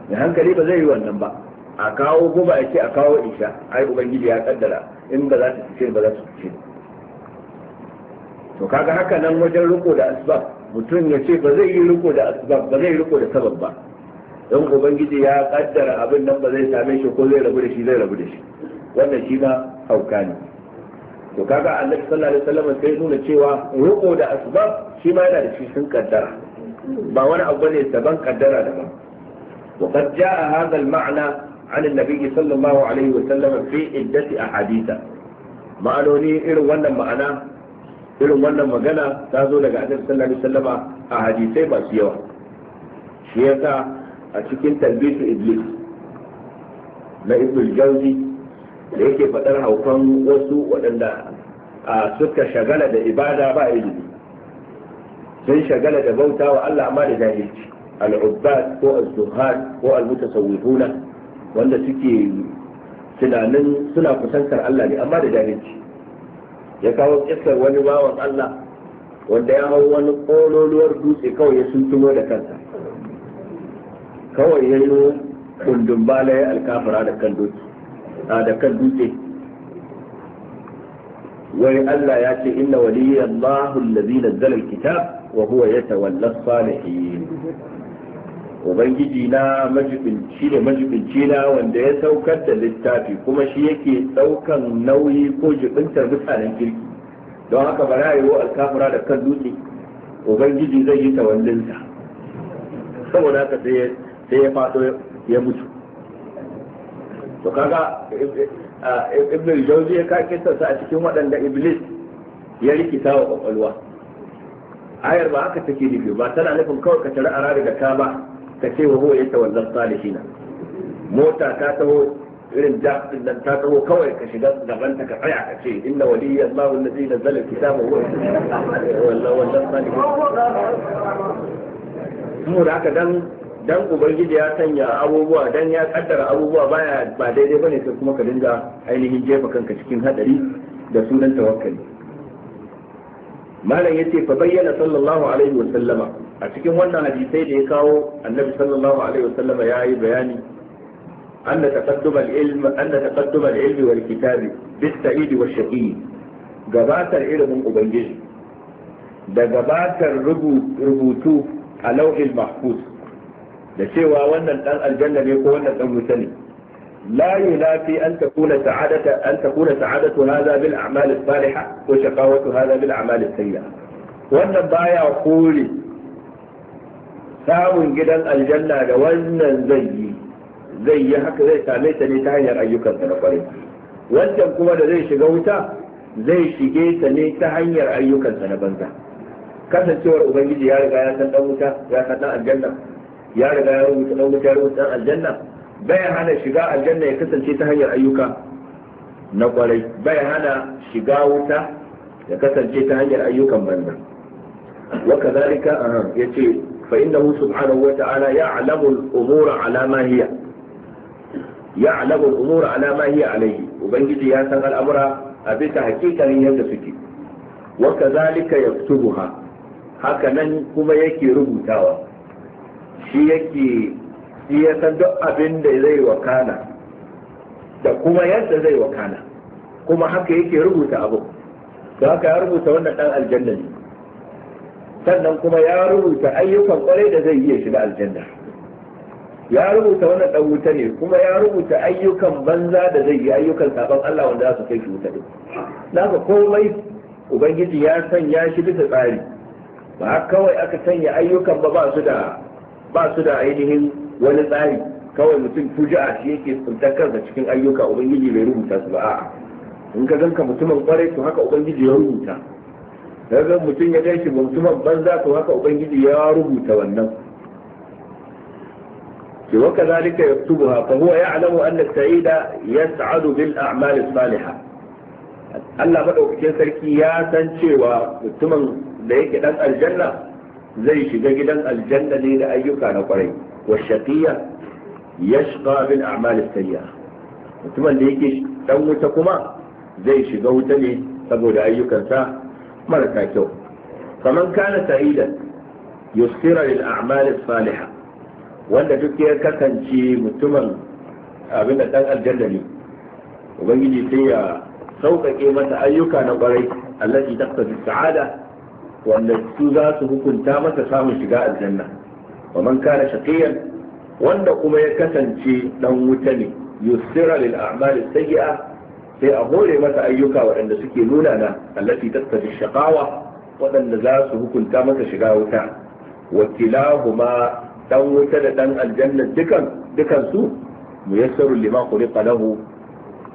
mai hankali ba zai yi wannan ba a kawo guba ya ce a kawo isha ai ubangiji ya kaddara in ba za ta fice ba za su fice to kaga haka nan wajen riko da asbab mutum ya ce ba zai yi riko da asbab ba zai riko da sabab ba don ubangiji ya kaddara abin nan ba zai same shi ko zai rabu da shi zai rabu da shi wannan shi ma hauka ne to kaga annabi sallallahu alaihi wasallam sai nuna cewa riko da asbab shi ma yana da shi sun kaddara ba wani abu ne daban kaddara daban وقد جاء هذا المعنى عن النبي صلى الله عليه وسلم في عدة أحاديث ma'anoni irin wannan irin wannan magana ta zo daga annabi sallallahu alaihi wasallama a hadisai masu yawa shi yasa a cikin talbisu iblis na ibn jauzi da yake faɗar haukan wasu waɗanda suka shagala da ibada ba ilimi sun shagala da bauta wa Allah amma da jahilci al'ubbat ko al zuhad ko al-mutasawwifuna wanda suke tunanin suna kusantar Allah ne amma da jahilci ya kawo kisar wani bawan Allah wanda ya hau wani kololuwar dutse kawai ya suntumo da kansa kawai ya yi kundin bala alkafara da kan dutse da kan dutse wai Allah ya ce inna waliyallahu allazi nazzala alkitab wa huwa yatawalla salihin ubangiji na majibinci da majibinci na wanda ya saukar da littafi kuma shi yake daukan nauyi ko jibintar mutanen kirki don haka ba rayuwa alkafura da kan dutse ubangiji zai yi tawallinsa saboda haka sai ya fado ya mutu to kaga ibn jauzi ya kake sa a cikin waɗanda iblis ya rikita wa kwakwalwa ayar ba haka take nufi ba tana nufin kawai ka tare a daga ta ka ba ka ce wa huwa yata wallan salihina mota ta taho irin jaɗin nan ta taho kawai ka shiga gaban ta ka tsaya ka ce inna waliyya Allah wallazi nazzala kitaba huwa wallan wallan salihina mu da haka dan dan ubangiji ya sanya abubuwa dan ya kaddara abubuwa baya ba daidai bane sai kuma ka dinga ainihin jefa kanka cikin hadari da sunan tawakkali malam yace fa bayyana sallallahu alaihi wa sallama a cikin wannan hadisai da ya kawo annabi sallallahu alaihi wasallam ya yi bayani anna taqaddum al-ilm anna taqaddum al-ilm wal kitab bis-sa'id wash-shaqi gabatar ilimin ubangiji da gabatar rubutu a lauhil mahfuz da cewa wannan dan aljanna ne ko wannan dan wuta ne لا ينافي أن تكون سعادة أن تكون سعادة هذا بالأعمال الصالحة وشقاوة هذا بالأعمال السيئة. وأن بايع قولي samun gidan aljanna da wannan zai yi zai yi haka zai same ta ne ta hanyar ayyukansa na kwarai wancan kuma da zai shiga wuta zai shige ta ne ta hanyar ayyukansa na banza kasancewar ubangiji ya riga ya san dan wuta ya san dan aljanna ya riga ya rubuta dan wuta ya rubuta dan aljanna bai hana shiga aljanna ya kasance ta hanyar ayyuka na kwarai bai hana shiga wuta ya kasance ta hanyar ayyukan banza wa kazalika ya ce فإنه سبحانه وتعالى يعلم الأمور على ما هي يعلم الأمور على ما هي عليه وبنجي يا سن الأمر أبيك حقيقة يدفك وكذلك يكتبها هكذا كما يكي ربطاوة shi yake shi ya san duk abin da zai wakana da kuma yadda zai wakana kuma haka yake rubuta abu da haka ya rubuta wannan dan aljanna ne sannan kuma ya rubuta ayyukan kwarai da zai iya shiga aljanna ya rubuta wannan dan wuta ne kuma ya rubuta ayyukan banza da zai yi ayyukan sabon Allah wanda za su kai shi wuta din naka komai ubangiji ya sanya shi bisa tsari ba kawai aka sanya ayyukan ba ba su da ba su da ainihin wani tsari kawai mutum a shi yake tsuntar kansa cikin ayyuka ubangiji bai rubuta su ba a'a in ka ganka mutumin kwarai to haka ubangiji ya rubuta daga mutum ya gaishe shi mutumin banza to haka ubangiji ya rubuta wannan ce wa kadhalika yaktubuha fa huwa ya'lamu anna as-sa'ida yas'adu bil a'mal as-salihah Allah madaukakin sarki ya san cewa mutumin da yake dan aljanna zai shiga gidan aljanna ne da ayyuka na kwarai wa shaqiya yashqa bil a'mal as-sayyi'ah mutumin da yake dan wuta kuma zai shiga wuta ne saboda ayyukansa marasa kyau kamar kana sa'idan yusira lil a'mal salihah wanda duk ya kasance mutumin abin da dan aljanna ne ubangiji sai ya sauƙaƙe masa ayyuka na ƙwarai allati taqtadi sa'ada wanda su za su hukunta masa samun shiga aljanna wa man kana shaqiyan wanda kuma ya kasance dan wuta ne yusira lil a'mal sayyi'a sai a hore mata ayyuka waɗanda suke nuna na allati da shaƙawa waɗanda za su hukunta mata shiga wuta wakilahuma dan wuta da dan aljanna dukan dukan su muyassaru lima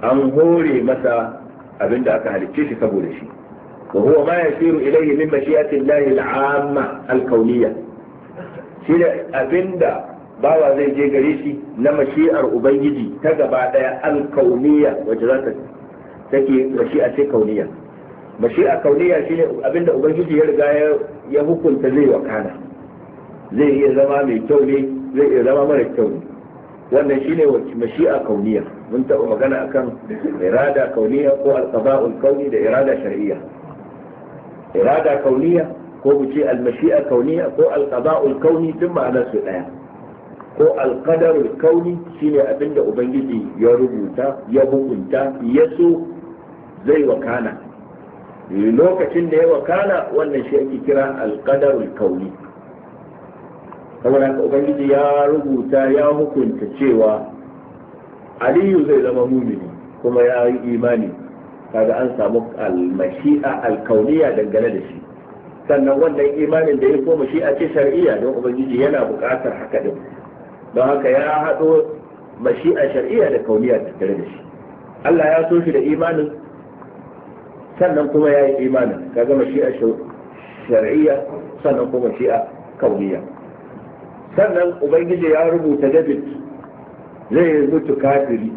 an hore masa abinda aka halicce shi saboda shi wa huwa ma yasiru ilayhi min mashiyati llahi al'amma al shi da abinda bawa zai je gare shi na mashi'ar ubangiji ta gaba daya al-kawniyya wacce za ta take mashi'a ce kauniya mashi'a kauniya shine abinda ubangiji ya riga ya hukunta zai wakana zai iya zama mai kyau ne zai iya zama mara kyau ne wannan shine mashi'a kauniya mun taɓa magana akan irada kauniya ko alqada'ul kauni da irada shar'iyya irada kauniya ko mu ce almashi'a kauniya ko alqada'ul kauni duk ma'anar su daya ko alqadarul kauni shine abinda ubangiji ya rubuta ya hukunta ya so zai wakana lokacin da ya wakana wannan shi ake kira alƙadarul kauli saboda haka ubangiji ya rubuta ya hukunta cewa aliyu zai zama mumini kuma ya yi imani kaga an samu almashi'a alkauniya dangane da shi sannan wannan imanin da ya koma shi a ce shar'iyya don ubangiji yana buƙatar haka din don haka ya haɗo mashi'a shar'iyya da kauniya tattare da shi Allah ya so shi da imanin sannan kuma ya yi imanin ka gama shi'a shar'iyya sannan kuma shi'a kauniya sannan ubangiji ya rubuta david zai mutu kafiri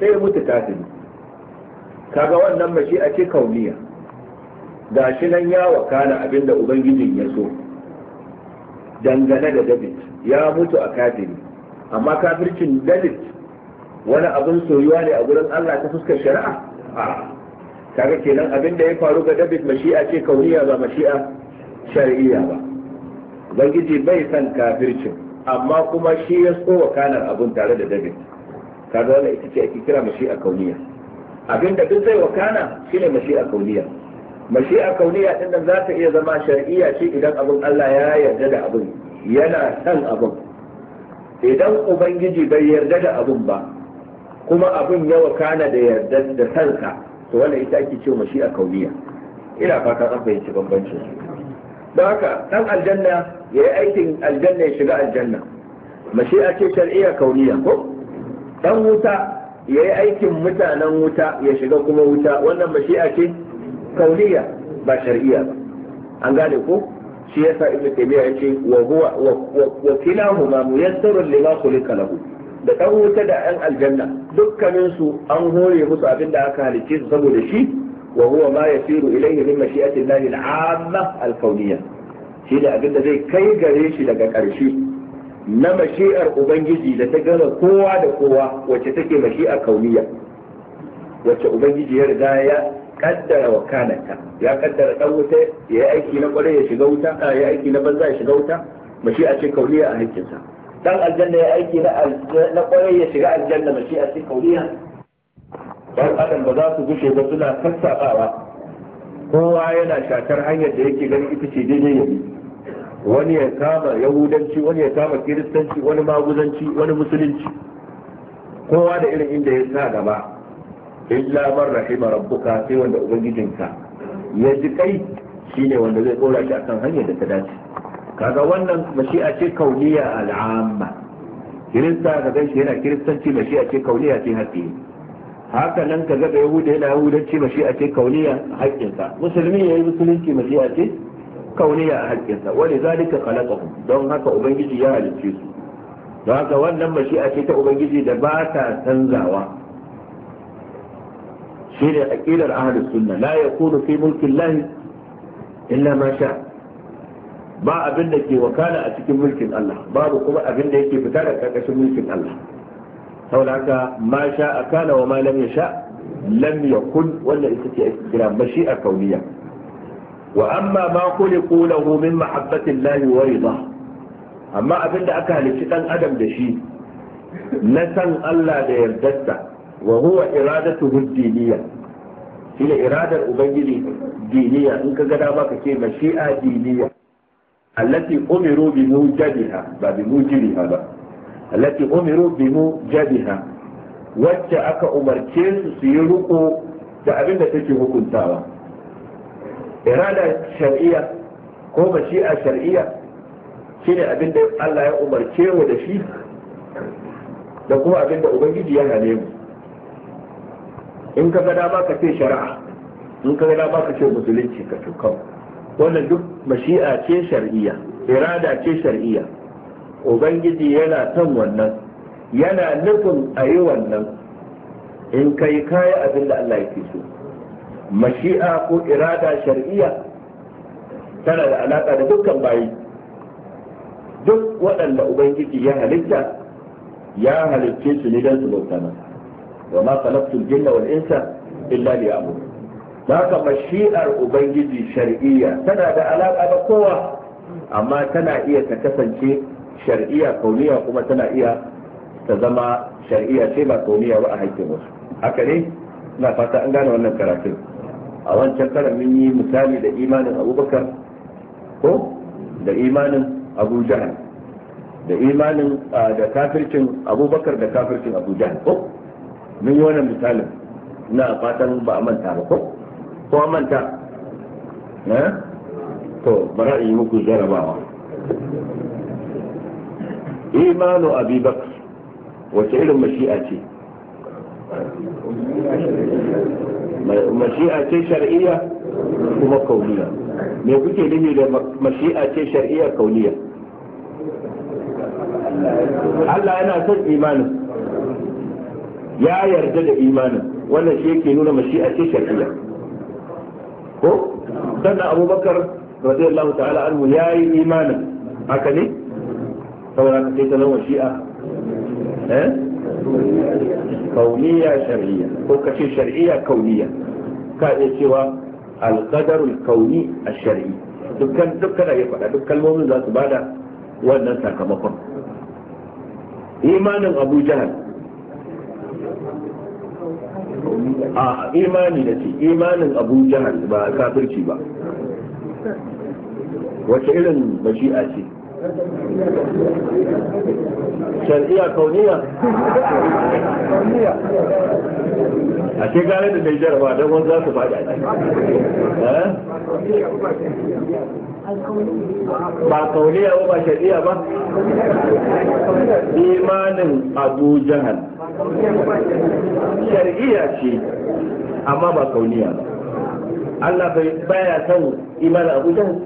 sai mutu kafiri kaga wannan mashi'a ce kauniya ga shi nan ya wakana abinda ubangijin ya so dangane da david ya mutu a kafiri amma kafircin david wani abin soyuwa ne a gurin allah ta fuskar shari'a kaga kenan abin da ya faru ga David mashi'a ce kauniya ba mashi'a shari'iyya ba ubangiji bai san kafircin amma kuma shi ya so wakanar abun tare da David kaga wannan ita ce ake kira mashi'a kauniya abin da duk zai wakana shine mashi'a kauniya mashi'a kauniya din nan za ta iya zama shari'iyya ce idan abun Allah ya yarda da abun yana san abun idan ubangiji bai yarda da abun ba kuma abun ya wakana da yarda da sanka. to wannan ita ake cewa mashi'a kauniya ina fata an fahimci bambancin su don haka dan aljanna ya yi aikin aljanna ya shiga aljanna mashi'a ce shar'iyya kauniya ko dan wuta ya yi aikin mutanen wuta ya shiga kuma wuta wannan mashi'a ce kauniya ba shar'iyya ba an gane ko shi yasa ibnu taymiya yace wa huwa wa kilahuma muyassarun lima khuliqa lahu da ɗan wuta da 'yan aljanna dukkaninsu an hore musu abin da aka halicce su saboda shi wa huwa ma yasiru ilayhi min mashi'ati llahi al-amma al-kawniyya shi da abin da zai kai gare shi daga ƙarshe na mashi'ar ubangiji da ta gama kowa da kowa wacce take mashi'ar kauniya wacce ubangiji ya riga ya kaddara wakananta ya kaddara dan wuta ya yi aiki na kwarai ya shiga wuta ya aiki na banza ya shiga wuta mashi'a ce kauniya a hakkinsa dan aljanna ya aiki na kwarai ya shiga aljanna mashi a cikin kauliya dan adam ba za su gushe ba suna sassaɓawa kowa yana shatar hanyar da yake gani ita ce daidai ya bi wani ya kama yahudanci wani ya kama kiristanci wani maguzanci wani musulunci kowa da irin inda ya sa gaba illa man rahima rabbuka sai wanda ubangijinka ya ji kai shine wanda zai kora shi akan hanyar da ta dace kaga wannan mashi'a ce kauniya al'amma kirista ga gaishe yana kiristanci mashi'a ce kauniya ce haƙƙi haka nan ka ga yahuda yana yahudanci mashi'a ce a haƙƙinsa musulmi ya yi musulunci mashi'a ce kauniya a haƙƙinsa wani zalika khalaqahum don haka ubangiji ya halicce su don haka wannan mashi'a ce ta ubangiji da ba ta canzawa shine aqidar ahlus sunna la yakunu fi mulkillahi illa ma sha'a ba abin da ke wakana a cikin mulkin Allah babu kuma abin da yake fita da karkashin mulkin Allah saboda haka ma sha a kana wa malam ya sha lam kun wanda ita ce ake kira mashi'a kauniya wa amma ma khuliqu lahu min mahabbatillahi wa ridha amma abin da aka halicci dan adam da shi na san Allah da yardarsa wa huwa iradatuhu shi shine iradar ubangiji diniya in ka ga dama ka ce mashi'a diniya allati umiru bi mujabiha ba bi mujibiha ba allati umiru bi mujabiha wacce aka umarce su su yi riko da abin da take hukuntawa irada shar'iyya ko mashi'a shar'iyya shine abin da Allah ya umarce mu da shi da kuma abin da ubangiji ya hane mu in ka ga dama ka shari'a in ka ga dama ka musulunci ka to wannan duk mashi'a ce shar'iyya irada ce shar'iyya ubangiji yana son wannan yana nufin a yi wannan in kai kayi abin da Allah yake so mashi'a ko irada shar'iyya tana da alaka da dukkan bayi duk waɗanda ubangiji ya halitta ya halicce su ne don su bauta masa wa ma khalaqtul jinna wal insa illa liya'budun da haka mashi'ar ubangiji shar'iyya tana da alaƙa da kowa amma tana iya ta kasance shar'iyya kauniya kuma tana iya ta zama shar'iyya ce ba kauniya ba a haƙƙin wasu haka ne ina fata an gane wannan karatun a wancan karan mun yi misali da imanin abubakar ko da imanin abu jahan da imanin da kafircin abubakar da kafircin abu jahan ko mun yi wannan misalin na fatan ba a manta ba ko ومن تا تو إيمان أبي بكر وتعيل مشيئتي مشيئتي شرعية هو كونية ميكوتي لني مشيئتي شرعية كونية ألا أنا أصد إيمانه يا يرجد إيمانه ولا شيء كي مشيئتي شرعية ko sannan abubakar radiyallahu ta'ala anhu yayi imanin haka ne saboda ka sai talawa shi'a eh kauniya shar'iyya ko kace shar'iyya kauniya ka iya cewa al-qadarul kauni ash-shar'i dukkan dukkan ya faɗa duk kalmomin za su bada wannan sakamakon imanin abu jahal a imani da ce imanin abu jahal ba kafirci ba wace irin mashi'a ce shar'iyya kauniya a ke gane da Nijar ba don wani za su faɗi eh? ba kauniya ba ba shari'a ba imanin abu jahal shari'a ce amma ba kauniya ba Allah bai baya son imanin abu jahal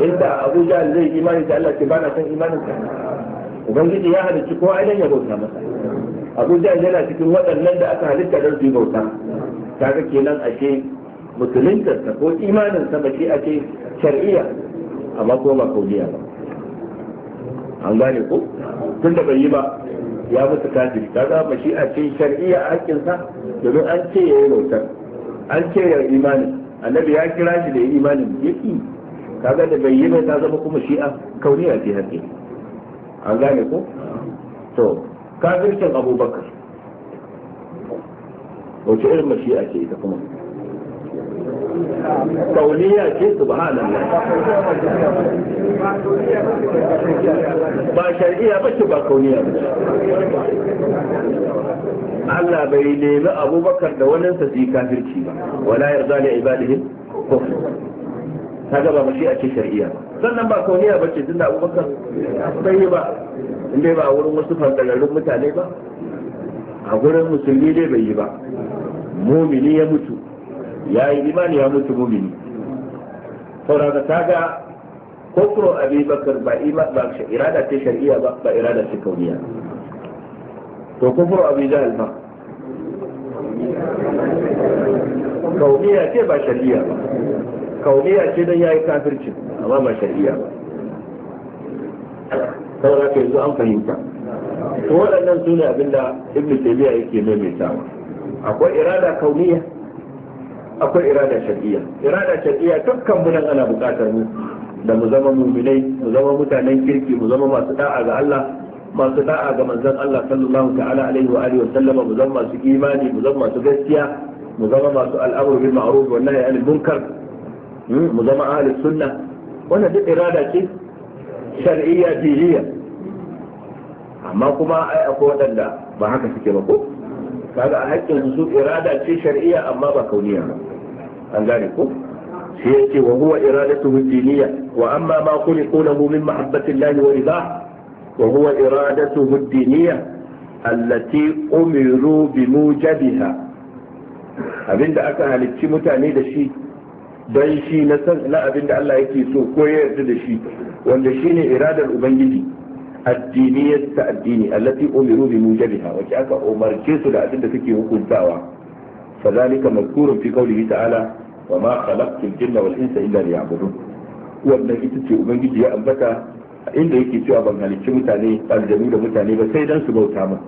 inda abu jahal zai imani da Allah ce ba na san imanin sa ubangiji ya halicci kowa idan ya bauta masa abu jahal yana cikin waɗannan da aka halitta don su yi bauta kaga kenan ashe musulunta sa ko imanin sa bace ake shar'iyya amma ko ba kauliya ba an gane ko tun da bai yi ba ya mutu kafiri kaga ba shi a cikin shar'iyya hakkin sa domin an ce yayi bautar an ce ya imani annabi ya kira shi da imanin yake kaga da bai yi bai ta zama kuma shi'a kauniya ce haƙi an gane ko to kafircin abubakar wace irin a ce ita kuma kauniya ce su ba shari'a ba ce ba kauniya ba Allah bai nemi abubakar da wannan sa su yi kafirci ba wala yarda li ibadihin kufr ta gaba ba shi a ce shari'a sannan ba kauniya ba ce tun da abubakar bai yi ba inda ba a wurin wasu fantararrun mutane ba a wurin musulmi dai bai yi ba mumini ya mutu ya yi imani ya mutu mumini saboda ta ga kofuro abi bakar ba irada ce shari'a ba ba irada ce kauniya to kofuro abi jahal ba kauniya ce ba shari'a ba kauniya ce don ya yi kafirci amma ba shari'a ba saboda ka yanzu an fahimta to waɗannan su ne abinda ibn taymiya yake maimaitawa akwai irada kauniya akwai irada shari'a irada shari'a dukkan mu nan ana buƙatar mu da mu zama muminai mu zama mutanen kirki mu zama masu da'a ga Allah masu da'a ga manzon Allah sallallahu ta'ala alaihi wa alihi wa sallama mu zama masu imani mu zama masu gaskiya mu zama masu al'amuru bil ma'ruf wa nahyi anil munkar Hmm? mu zama ahlus sunna wannan duk irada ce shar'iyya diniya amma kuma ai akwai waɗanda ba haka suke ba ko kaga a haƙƙin su irada ce shar'iyya amma ba kauniya ba an gane ko shi yake wa huwa iradatuhu diniya wa amma ma khuliqu lahu min mahabbatillahi wa ridah wa huwa iradatuhu diniya allati umiru bimujabiha abinda aka halicci mutane da shi don shi na san na da Allah yake so ko ya yarda da shi wanda shine iradar ubangiji addiniyar ta addini allati umiru bi mujabiha wace aka umarce su da abin da suke hukuntawa fadhalika mazkurun fi qawlihi ta'ala wa ma khalaqtul jinna wal insa illa liya'budun wannan ita ce ubangiji ya ambata inda yake cewa ban halicci mutane aljanu da mutane ba sai dan su bauta min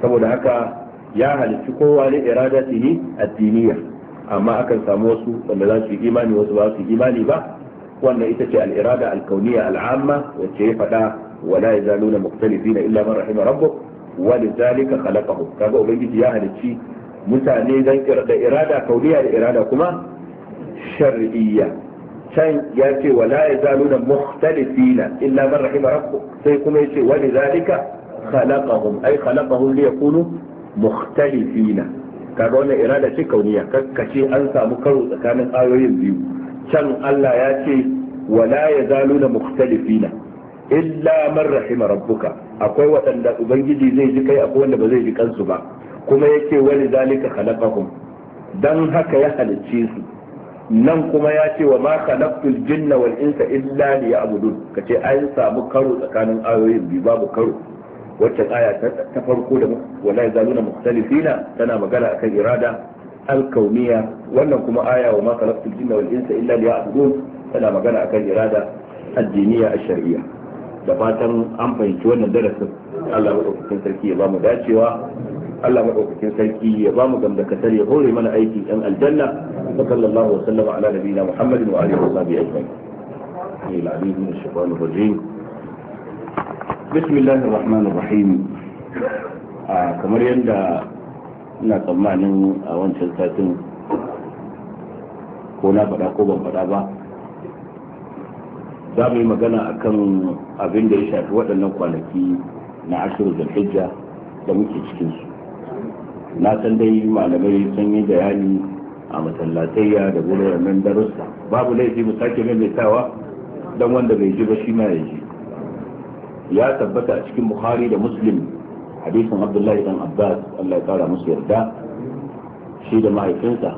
saboda haka ya halicci kowa ne iradatihi addiniyar amma akan samu wasu wanda za su yi imani wasu ba su yi imani ba wanda ita ce al'irada alkauniya al'amma wacce ya faɗa wala ya zalo da muktalifi na illa rahima rabbu wani zalika khalaqahu kaga ubangiji ya halicci mutane dan da irada kauniya da irada kuma shar'iyya can ya ce wala ya zalo na mukhtalifina illa man rahima rabbu sai kuma ya ce wani zalika khalaqahum ay khalaqahum liyakunu mukhtalifina kaga wannan irada ce kauniya kakkace an samu karo tsakanin ayoyin biyu can Allah ya ce wala da mukhtalifina illa man rahima rabbuka akwai waɗanda ubangiji zai ji kai akwai wanda ba zai ji kansu ba kuma yake wani zalika khalaqakum dan haka ya halicce su nan kuma ya ce wa ma khalaqtul jinna wal insa illa liya'budun kace an samu karo tsakanin ayoyin biyu babu karo waccan aya ta farko da wala yazaluna mukhtalifina tana magana akan irada alkauniya wannan kuma aya wa ma khalaqtul jinna wal insa illa liya'budun tana magana akan irada addiniya ash-shar'iyya da fatan an fahimci wannan darasin Allah madaukakin sarki ya bamu dacewa Allah madaukakin sarki ya bamu gamdakatar ya hore mana aiki ɗan aljanna wa sallallahu wa sallama ala nabiyina Muhammadin wa alihi wa sahbihi ajma'in. Alhamdulillah, الله الرحمن rahim kamar yadda ina tsammanin a wancan satin ko na faɗa ko ban faɗa ba za mu yi magana a kan abin da ya shafi waɗannan kwanaki na ashirin da hijja da muke cikinsu na san dai malamai sun yi bayani a masallatayya da gudunar nan darussa babu laifi mu sake maimaitawa don wanda bai ji ba shi ma ya ji ya tabbata a cikin bukhari da muslim hadisin abdullahi dan abbas allah ya kara musu yarda shi da mahaifinsa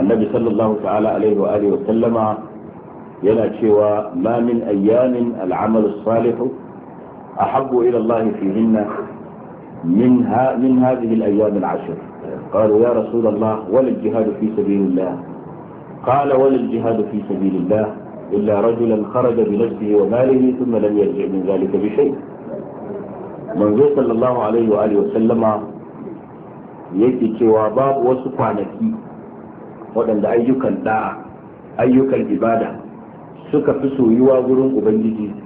annabi sallallahu ta'ala alaihi wa alihi wa sallama yana cewa ma min ayyamin al'amal salihu ahabbu ila allah fihinna min ha min hadhihi al-ayyam al-ashr قالوا يا رسول الله ولا الجهاد في سبيل الله قال ولا الجهاد في سبيل الله إلا رجلا خرج بنفسه وماله ثم لم يرجع من ذلك بشيء منذ صلى الله عليه وآله وسلم yake cewa babu wasu kwanaki waɗanda ayyukan da'a ayyukan ibada suka fi soyuwa wurin ubangiji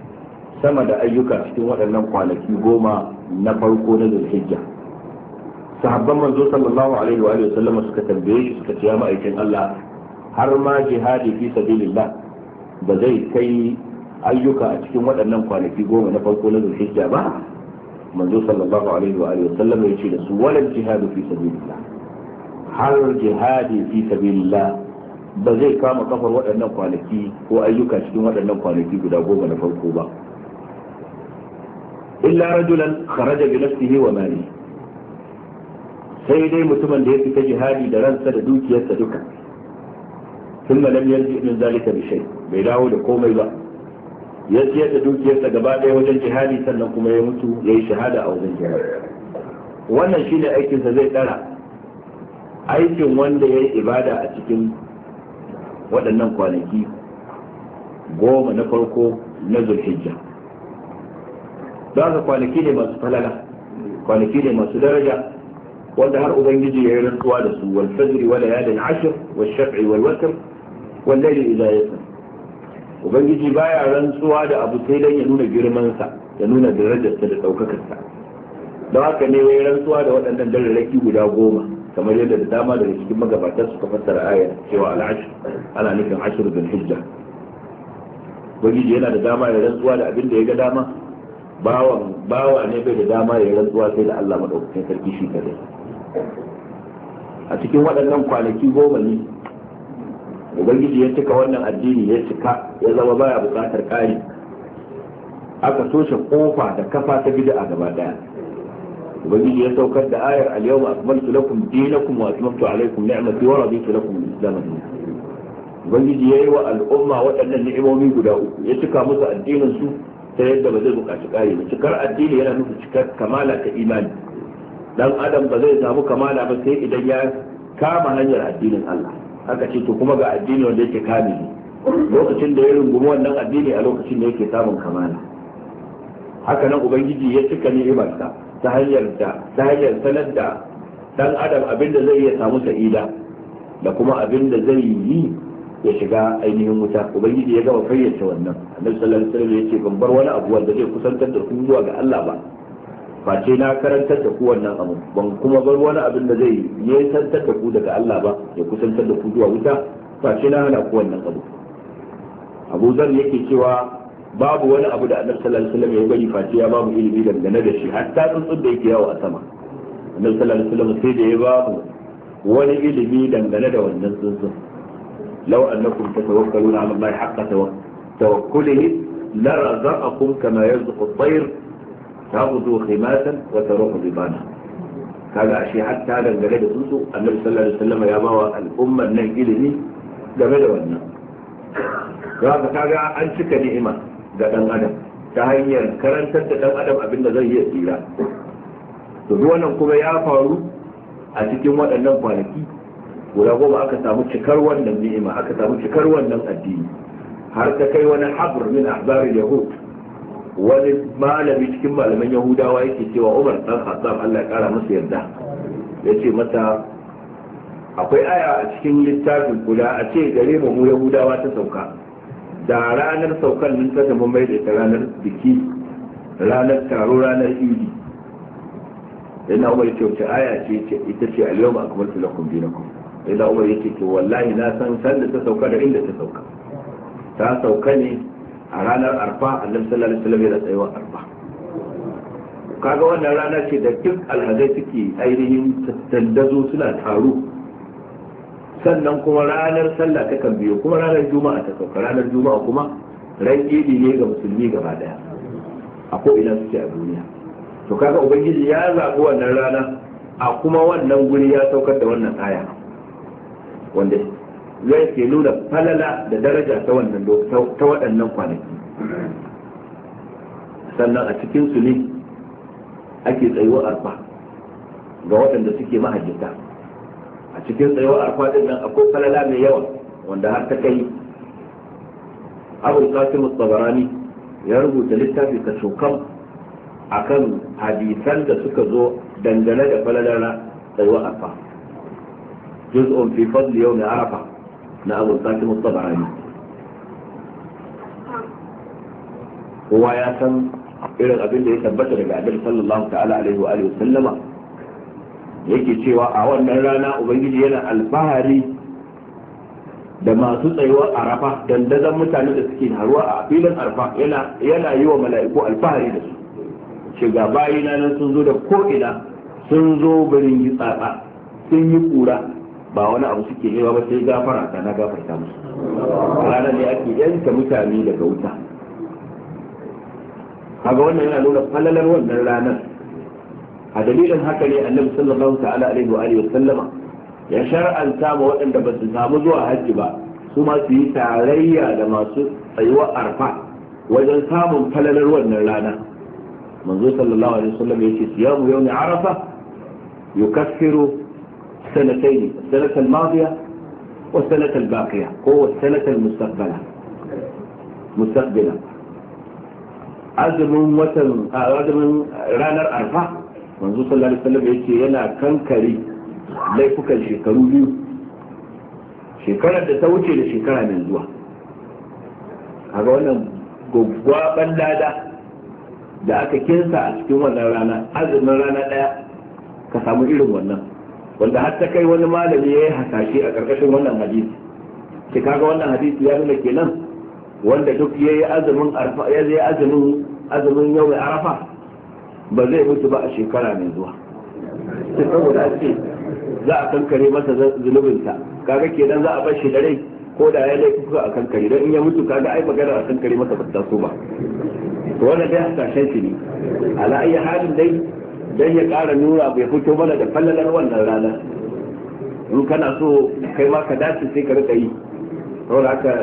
sama da ayyuka cikin waɗannan kwanaki goma na farko na zulhijja sahabban manzo sallallahu alaihi wa sallama suka tambaye shi suka ce ya ma'aikin Allah har ma jihadi fi sabilillah ba zai kai ayyuka a cikin waɗannan kwanaki goma na farko na zulhijja ba manzo sallallahu alaihi wa alihi wasallam ya ce da su walal jihadu fi sabilillah har jihadi fi sabilillah ba zai kama kafar waɗannan kwanaki ko ayyuka cikin waɗannan kwanaki guda goma na farko ba illa rajulan kharaja bi nafsihi wa mali sai dai mutumin da ya fita jihadi da ransa da dukiyarsa duka ثم لم يرجع من ذلك بشيء bai dawo da komai ba ya siyar da dukiyarsa gaba ɗaya wajen jihadi sannan kuma ya mutu ya yi shahada a wajen jihadi wannan shine aikinsa zai dara aikin wanda ya yi ibada a cikin waɗannan kwanaki goma na farko na zulhijja don haka kwanaki ne masu falala kwanaki ne masu daraja wanda har ubangiji ya yi rantsuwa da su wal fajri wal layalin ashr wal shaf'i wal wallahi idza yasa ubangiji baya rantsuwa da abu sai dan ya nuna girman sa ya nuna darajarsa da daukakar sa don haka ne yayin rantsuwa da waɗannan dararraki guda goma kamar yadda da dama daga cikin magabatan suka fassara ayar cewa al'ashr ana nufin ashr bil hijja ubangiji yana da dama da rantsuwa da abin da ya ga dama bawan bawa ne bai da dama ya rantsuwa sai da Allah madaukakin sarki shi kadai a cikin waɗannan kwanaki goma ne ubangiji ya cika wannan addini ya cika ya zama baya bukatar kari aka toshe kofa da kafa ta bid'a gaba daya ubangiji ya saukar da ayar al-yawma akmaltu lakum dinakum wa atmamtu alaykum ni'mati wa raditu lakum al-islam ubangiji yi wa al'umma waɗannan ni'imomi guda uku ya cika musu addinin su ta yadda ba zai bukaci kari ba cikar addini yana nufin cikar kamala ta imani dan adam ba zai samu kamala ba sai idan ya kama hanyar addinin Allah haka ce to kuma ga addini wanda yake kamili lokacin da ya rungumi wannan addini a lokacin da yake samun kamala haka nan ubangiji ya cika ni'imarsa ta hanyar da ta hanyar sanar da dan adam abinda zai iya samu sa'ida da kuma abinda zai yi ya shiga ainihin wuta ubangiji ya gama fayyace wannan annabi sallallahu alaihi wasallam ya ce ban bar wani abu wanda zai kusantar da ku zuwa ga Allah ba ba ce na karantar da ku wannan abu ban kuma bar wani abin da zai yi tantar da ku daga Allah ba ya kusantar da ku zuwa wuta ba ce na hana ku wannan abu abu zan yake cewa babu wani abu da annabi sallallahu alaihi wasallam ya bari face ya babu ilimi dangane da shi hatta tsuntsun da yake yawo a sama annabi sallallahu alaihi wasallam sai da ya babu wani ilimi dangane da wannan tsuntsun law annakum tatawakkaluna ala allahi haqqa tawakkulihi la razaqakum kama yarzuqu at-tayr taqudu khimatan wa taruhu dibana kaga ashe hatta dangane da tsuntsu annabi sallallahu alaihi wasallam ya bawa al'ummar nan ilimi game da wannan kaga kaga an cika ni'ima ga dan adam ta hanyar karantar da dan adam abinda zai iya tsira to duk wannan kuma ya faru a cikin waɗannan kwanaki guda goma aka samu cikar wannan ni'ima aka samu cikar wannan addini har ta kai wani habr min ahbar yahud wani malami cikin malaman yahudawa yake cewa umar dan khattab Allah ya kara masa yarda yace mata akwai aya a cikin littafin guda a ce gare mu mu yahudawa ta sauka da ranar saukan nan ta zama mai da ranar biki ranar taro ranar idi yana umar ce wace aya ce ita ce al kamar akmaltu lakum dinakum yana umar yake ce wallahi na san sanda ta sauka da inda ta sauka ta sauka ne a ranar arfa annabi sallallahu alaihi wasallam ya tsayawa arfa kaga wannan rana ce da duk alhazai suke ainihin dandazo suna taro sannan kuma ranar sallah ta kan biyo kuma ranar juma'a ta sauka ranar juma'a kuma ran idi ne ga musulmi gaba daya a ko ina suke a duniya to kaga ubangiji ya zaɓi wannan rana a kuma wannan guri ya saukar da wannan aya wanda ya ke nuna falala da daraja ta wannan ta waɗannan kwanaki sannan a cikin su ne ake tsayuwa arfa ga waɗanda suke mahajjata a cikin tsayuwa arfa ɗin nan akwai falala mai yawa wanda har ta kai abin qasim tabarani ya rubuta littafi ka shokan kan hadisan da suka zo dangane da falalar tsayuwa arfa juz'un fi fadli na arafa na abu qasim at-tabarani kowa ya san irin abin da ya tabbata daga annabi sallallahu ta'ala wa alihi sallama yake cewa a wannan rana ubangiji yana alfahari da masu tsayuwar arafa dandazon mutane da suke haruwa a filin arafa yana yi wa mala'iku alfahari da su shiga bayina nan sun zo da ko'ina sun zo birin yi tsatsa sun yi kura ba wani abu suke nema ba sai gafara ta na gafarta musu ranar ne ake yanka mutane daga wuta kaga wannan yana nuna falalar wannan ranar a dalilin haka ne annabi sallallahu ta'ala alaihi wa alihi sallama ya shar'anta ma waɗanda ba su samu zuwa hajji ba su ma su yi tarayya da masu tsayuwar arfa wajen samun falalar wannan rana manzo sallallahu alaihi wa sallam ya ce siyamu yawmi arafa yukaffiru سنتين السنة الماضية والسنة الباقية هو السنة المستقبلة azumin ranar arfa manzo sallallahu alaihi wasallam yace yana kankare laifukan shekaru biyu shekarar da ta wuce da shekara mai zuwa kaga wannan gwaggwaban lada da aka kinsa a cikin wannan rana azumin rana daya ka samu irin wannan wanda har ta kai wani malami ya yi hasashe a ƙarƙashin wannan hadisi ki kaga wannan hadisi ya nuna kenan wanda duk ya yi azumin arfa ya zai azumin azumin yau arafa ba zai mutu ba a shekara mai zuwa sai saboda ce za a kankare masa zunubinsa kaga kenan za a bar shi da rai ko da ya laifi kuka a kankare don in ya mutu kaga ai magana a kankare masa ba ta so ba wannan dai hasashen shi ne ala ayi halin dai don ya ƙara nura bai fito mana da fallalar wannan rana in kana so kai ma ka dace sai ka rika yi saboda haka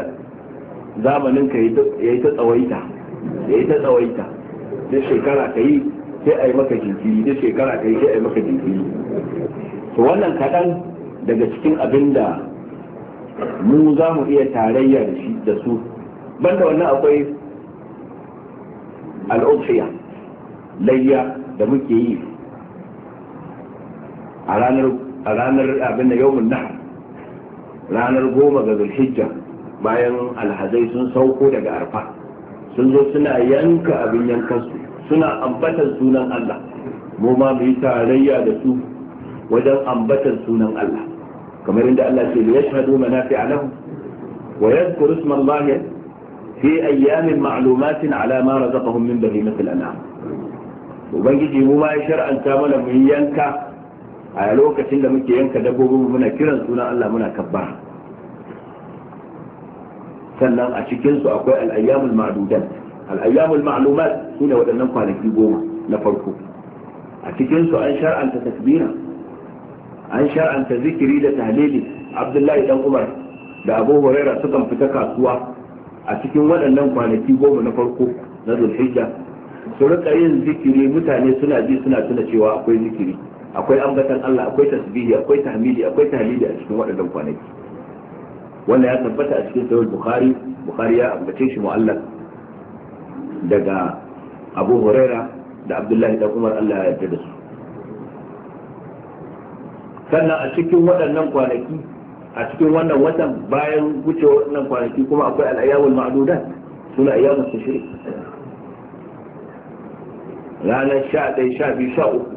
zamanin ka ya yi ta tsawaita ya yi ta tsawaita da shekara ka yi sai a yi maka jinkiri da shekara ka yi sai a yi maka jinkiri to wannan kaɗan daga cikin abin da mu za mu iya tarayya da su banda wannan akwai al'ubshiya layya da muke yi a ranar abin da yawon nahar ranar goma ga zulhijja bayan alhazai sun sauko daga arfa sun zo suna yanka abin yankansu suna ambatan sunan Allah mu ma mu yi tarayya da su wajen ambatan sunan Allah kamar inda Allah ce ya shahadu manafi'a lahum wa yadhkuru isma Allah fi ayyamin ma'lumatin ala ma razaqahum min bahimatil an'am ubangiji mu ma ya shar'anta mana mu yanka a lokacin da muke yanka dabbobin muna kiran sunan Allah muna kabba sannan a cikin su akwai al-ayyamul ma'dudat al-ayyamul ma'lumat sune waɗannan kwanaki goma na farko a cikin su an shar'anta takbira an shar'anta zikiri da tahlili Abdullahi dan Umar da Abu Hurairah sukan fita kasuwa a cikin waɗannan kwanaki goma na farko na Zulhijja su rika yin zikiri mutane suna ji suna tuna cewa akwai zikiri akwai ambatan Allah akwai tasbihi akwai tahmidi akwai tahlili a cikin waɗannan kwanaki wannan ya tabbata a cikin sahih bukhari bukhari ya ambace shi mu'allaf daga abu huraira da abdullahi da umar Allah ya yarda da su sannan a cikin waɗannan kwanaki a cikin wannan watan bayan wuce waɗannan kwanaki kuma akwai al'ayyawul ma'dudat suna ayyamul tashrik ranar sha ɗaya sha biyu sha uku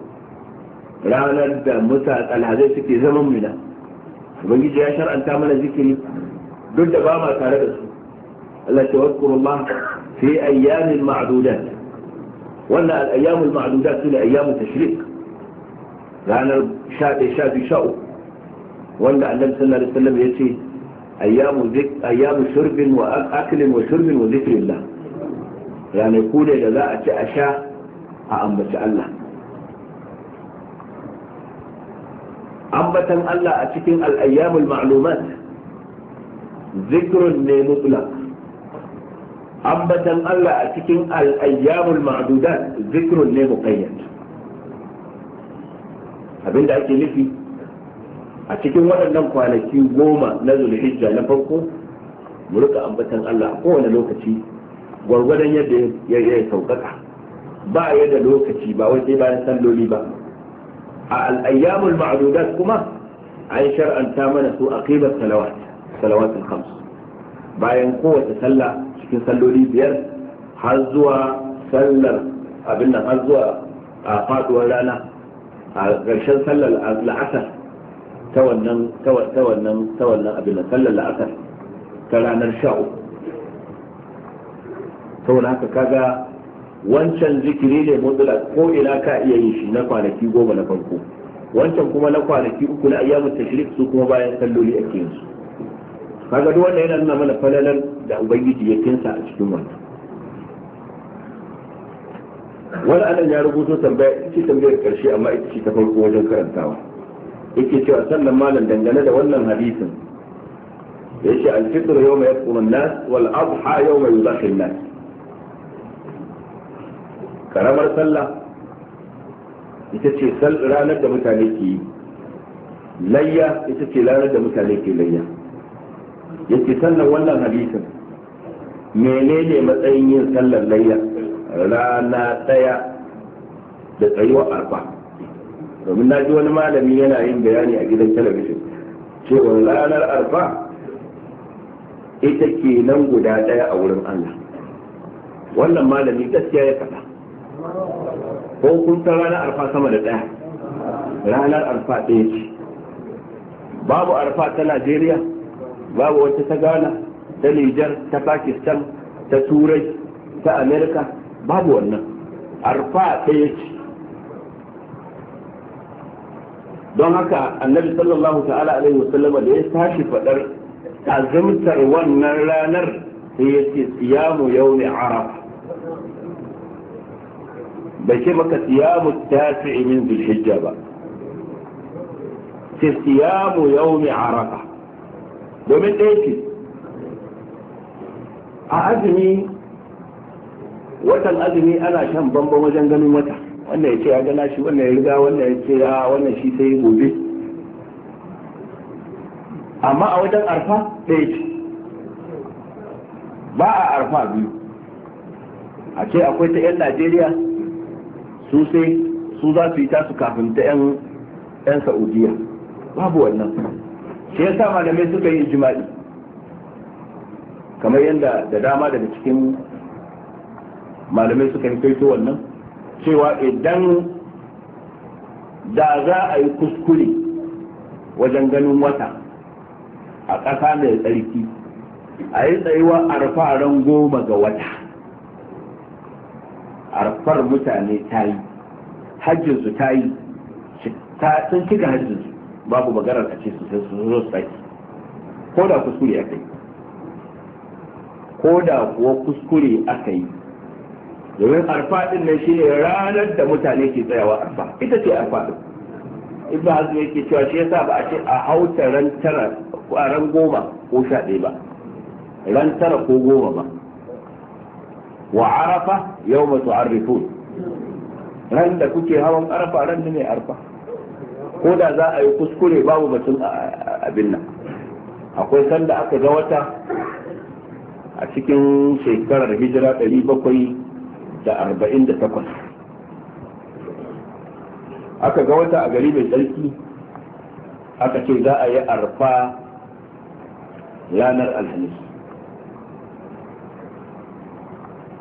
ranar da muta alhazai suke zaman mina ubangiji ya shar'anta mana zikiri duk da ba ma tare da su Allah ta wakuru ma fi ayyamin ma'dudat wannan al'ayyamul ma'dudat su ne ayyamun tashrik ranar sha ɗaya sha biyu sha uku wanda annabi sallallahu alaihi wasallam ya ce ayyamu ayyamu shurbin wa aklin wa shurbin wa zikrillah yani ku da za a ci a sha a ambaci Allah ambatan Allah a cikin al'ayyamul ma'lumat zikrun ne mutlaq ambatan Allah a cikin al'ayyamul ma'dudat zikrun ne muqayyad abinda ake nufi a cikin waɗannan kwanaki goma na zulhijja na farko mu rika ambatan Allah a kowane lokaci gwargwadon yadda ya sauƙaƙa ba ya da lokaci ba wai bayan salloli ba a al'ayyamul ma'dudat kuma an shar'anta mana su aqibat salawat salawat al-khams bayan kowace sallah cikin salloli biyar har zuwa sallar abin nan har zuwa a faduwar rana a ƙarshen sallar la'asar ta wannan ta wannan ta wannan abin nan sallar la'asar ta ranar sha uku saboda haka kaga wancan zikiri ne mutlaq ko ina ka iya yi shi na kwanaki goma na farko wancan kuma na kwanaki uku na ayyamu tashrik su kuma bayan salloli a cikin su kaga duk wannan yana nuna mana falalar da ubangiji ya kinsa a cikin wannan wani anan ya rubuto tambaya ita ce tambayar karshe amma ita ce ta farko wajen karantawa yake cewa sannan malam dangane da wannan hadisin yake al-fitr yawma yaqumun nas wal adha yawma yudakhil nas karamar sallah ita ce ranar da mutane ke yi layya ita ce ranar da mutane ke layya yake sannan wannan hadisin menene matsayin yin sallar layya rana ɗaya da tsayuwar arfa domin na ji wani malami yana yin bayani a gidan talabijin cewa ranar arfa ita ke nan guda ɗaya a wurin allah wannan malami gaskiya ya faɗa ko kun san ranar arfa sama da ɗaya ranar arfa ɗaya ce babu arfa ta najeriya babu wata ta ghana ta nijar ta pakistan ta turai ta amerika babu wannan arfa ɗaya ce don haka annabi sallallahu ta'ala alaihi wasallama da ya tashi faɗar azumtar wannan ranar sai ya ce siyamu yau ne arafa bai ce maka siyamu tafi'i min zulhijja ba ce siyamu yaumi arafa domin ɗaya ce a azumi watan azumi ana shan bamban wajen ganin wata wannan ya ce ya gana shi wannan ya riga wannan ya ce ya wannan shi sai gobe amma a wajen arfa ɗaya ce ba a arfa biyu a ce akwai ta 'yan najeriya su sai su za su yi tasu kafin ta 'yan saudiya babu wannan shi yasa malamai suka yi jima'i kamar yadda da dama daga cikin malamai suka yi kaito wannan cewa idan da za a yi kuskure wajen ganin wata a ƙasa mai tsarki a yi tsayuwa a rafa ran goma ga wata arfar mutane ta yi hajjinsu ta yi sun cika hajjinsu babu maganar a ce su sai su zo tsaki ko da kuskure aka yi ko da kuwa kuskure aka yi domin arfa din nan shine ranar da mutane ke tsayawa arfa ita ce arfa din ibn hazm yake cewa shi yasa ba a ce a hauta ran tara ran goma ko sha ɗaya ba ran tara ko goma ba wa arafa yawma tu'arrifun ran da kuke hawan arfa ran ne arfa ko da za a yi kuskure babu batun abin nan akwai sanda aka ga wata a cikin shekarar hijira 748 aka ga wata a gari mai tsarki aka ce za a yi arfa ranar alhamis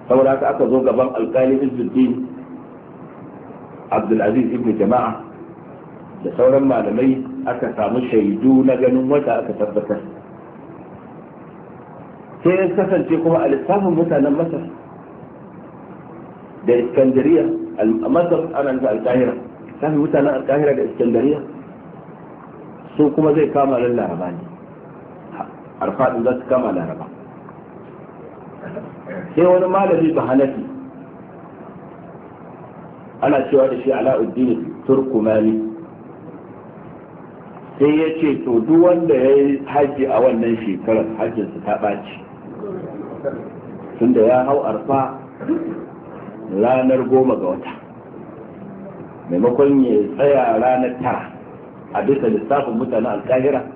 saboda haka aka zo gaban alkali Abdul abdulaziz ibn jama'a da sauran malamai aka samu shaidu na ganin wata aka tabbatar sai ya kasance kuma a lissafin mutanen masar da iskandariya a masar ana nufin alkahira lissafin mutanen alkahira da iskandariya su kuma zai kama ran laraba ne arfaɗin za su kama laraba sai wani malami ba hanafi ana cewa da shi ala'uddin turkumani sai ya ce to duk wanda ya yi haji a wannan shekarar hajjinsa ta ɓaci tunda ya hau arfa ranar goma ga wata maimakon ya tsaya ranar tara a bisa lissafin mutanen alkahira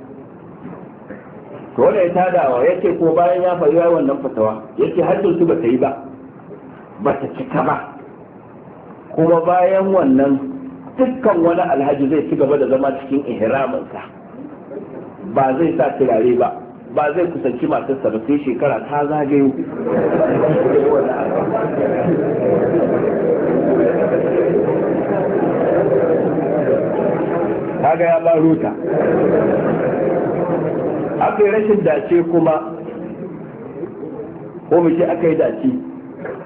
to wanda ya tadawa ya ce ko bayan ya faru ya wannan fatawa ya ce hajjin su ba ta yi ba ba ta cika ba kuma bayan wannan dukkan wani alhaji zai ci gaba da zama cikin ihraminsa ba zai sa turare ba ba zai kusanci masu ba sai shekara ta zagayo kaga ya ba ruta aka yi rashin dace kuma ko mu ce aka yi dace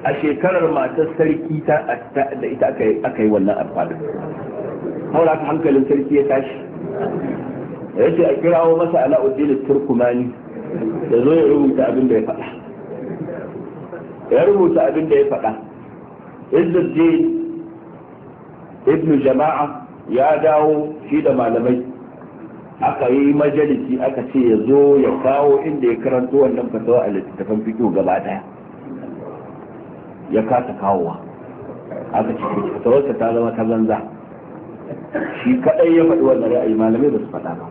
a shekarar matar sarki ta da ita aka yi wannan alfada haura ka hankalin sarki ya tashi ya ce a kirawo masa ala'uddin turkumani da zo ya rubuta abin da ya faɗa ya rubuta abin da ya faɗa izzuddin ibnu jama'a ya dawo shi da malamai aka yi majalisi aka ce ya zo ya kawo inda ya karanto wannan fatawa a littattafan fito gaba daya ya kasa kawowa aka ce fatawarsa ta zama ta zanza shi kadai ya faɗi wannan ra'ayi malamai ba su faɗa ba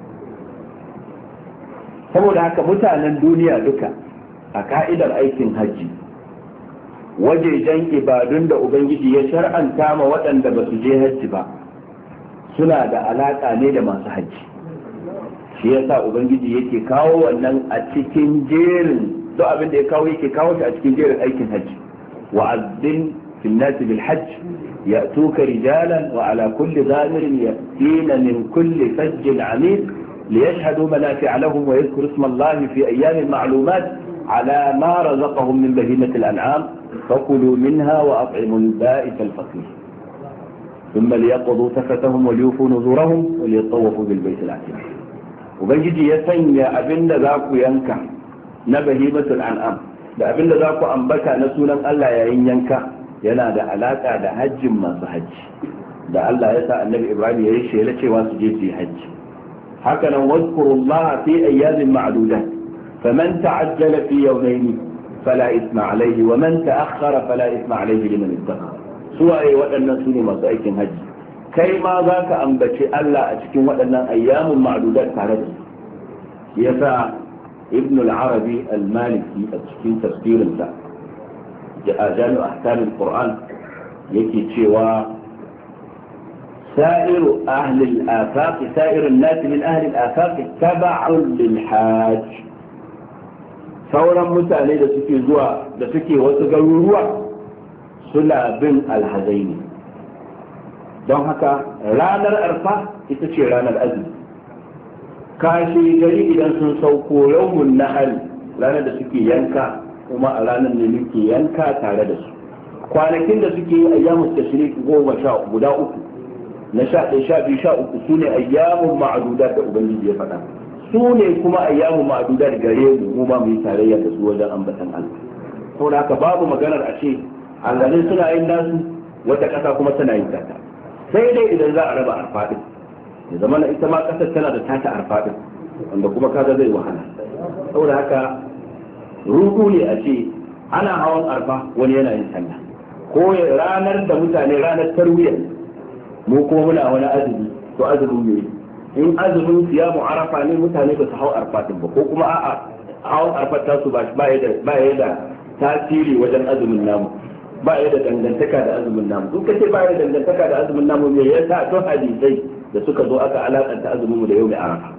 saboda haka mutanen duniya duka a ka'idar aikin hajji wajejen ibadun da ubangiji ya shar'anta ma waɗanda ba su je hajji ba suna da alaƙa ne da masu hajji shi yasa ubangiji yake kawo wannan a cikin jerin to abin da ya kawo yake kawo shi a cikin jerin aikin hajji wa azzin fil nas bil hajj ya'tuka rijalan wa ala kulli zamirin yatina min kulli fajj fajjin amin ليشهدوا منافع لهم ويذكروا اسم الله في أيام معلومات على ما رزقهم من بهيمة الأنعام فكلوا منها وأطعموا البائس الفقير ثم ليقضوا تفتهم وليوفوا نذورهم وليطوفوا بالبيت العتيق ubangiji ya sanya abinda za ku yanka na bahimatul an'am da abinda za ku ambata na sunan Allah yayin yanka yana da alaka da hajjin masu hajji da Allah ya sa annabi Ibrahim ya yi shela cewa su je su yi hajji haka nan wazkurullaha fi ayyamin ma'dudat faman ta'ajjala fi yawmayni fala isma alayhi wa man ta'akhkhara fala isma alayhi liman ittaqa suwaye waɗannan su ne masu aikin hajji kai ma za ka ambaci Allah a cikin waɗannan ayyamin ma'adudan tare da su yasa ibn al-arabi al-maliki a cikin tafsirinsa a jami'a ahkamin qur'an yake cewa سائر أهل الآفاق سائر الناس من أهل الآفاق تبع للحاج sauran mutane da suke zuwa da suke wasu garuruwa suna bin alhazaini don haka ranar arfa ita ce ranar azumi kashi gari idan sun sauko yawmun nahal ranar da suke yanka kuma a ranar ne muke yanka tare da su kwanakin da suke yi ayyamu tashrik goma sha guda uku na sha ɗaya sha biyu sha uku su ne ayyamun ma'aduda da ubangiji ya faɗa su ne kuma ayyamun ma'aduda gare mu mu ma mu yi tarayya da su wajen ambatan Allah saboda haka babu maganar a ce a suna yin nasu wata ƙasa kuma tana yin ta. sai dai idan za a raba arfaɗin ya zama na ita ma ƙasar tana da tata arfaɗin wanda kuma kaga zai wahala saboda haka ruɗu ne a ce ana hawan arfa wani yana yin sallah ko ranar da mutane ranar tarwiyar mu ko muna wani azumi to azumi ne in azumin mu arafa ne mutane ba su hau arfatin ba ko kuma a'a hawan arfat ta ba ba ya da tasiri wajen azumin namu ba ya da dangantaka da azumin namu duk kace ba ya da dangantaka da azumin namu me yasa to hadisai da suka zo aka alakanta azumin mu da yau da arafa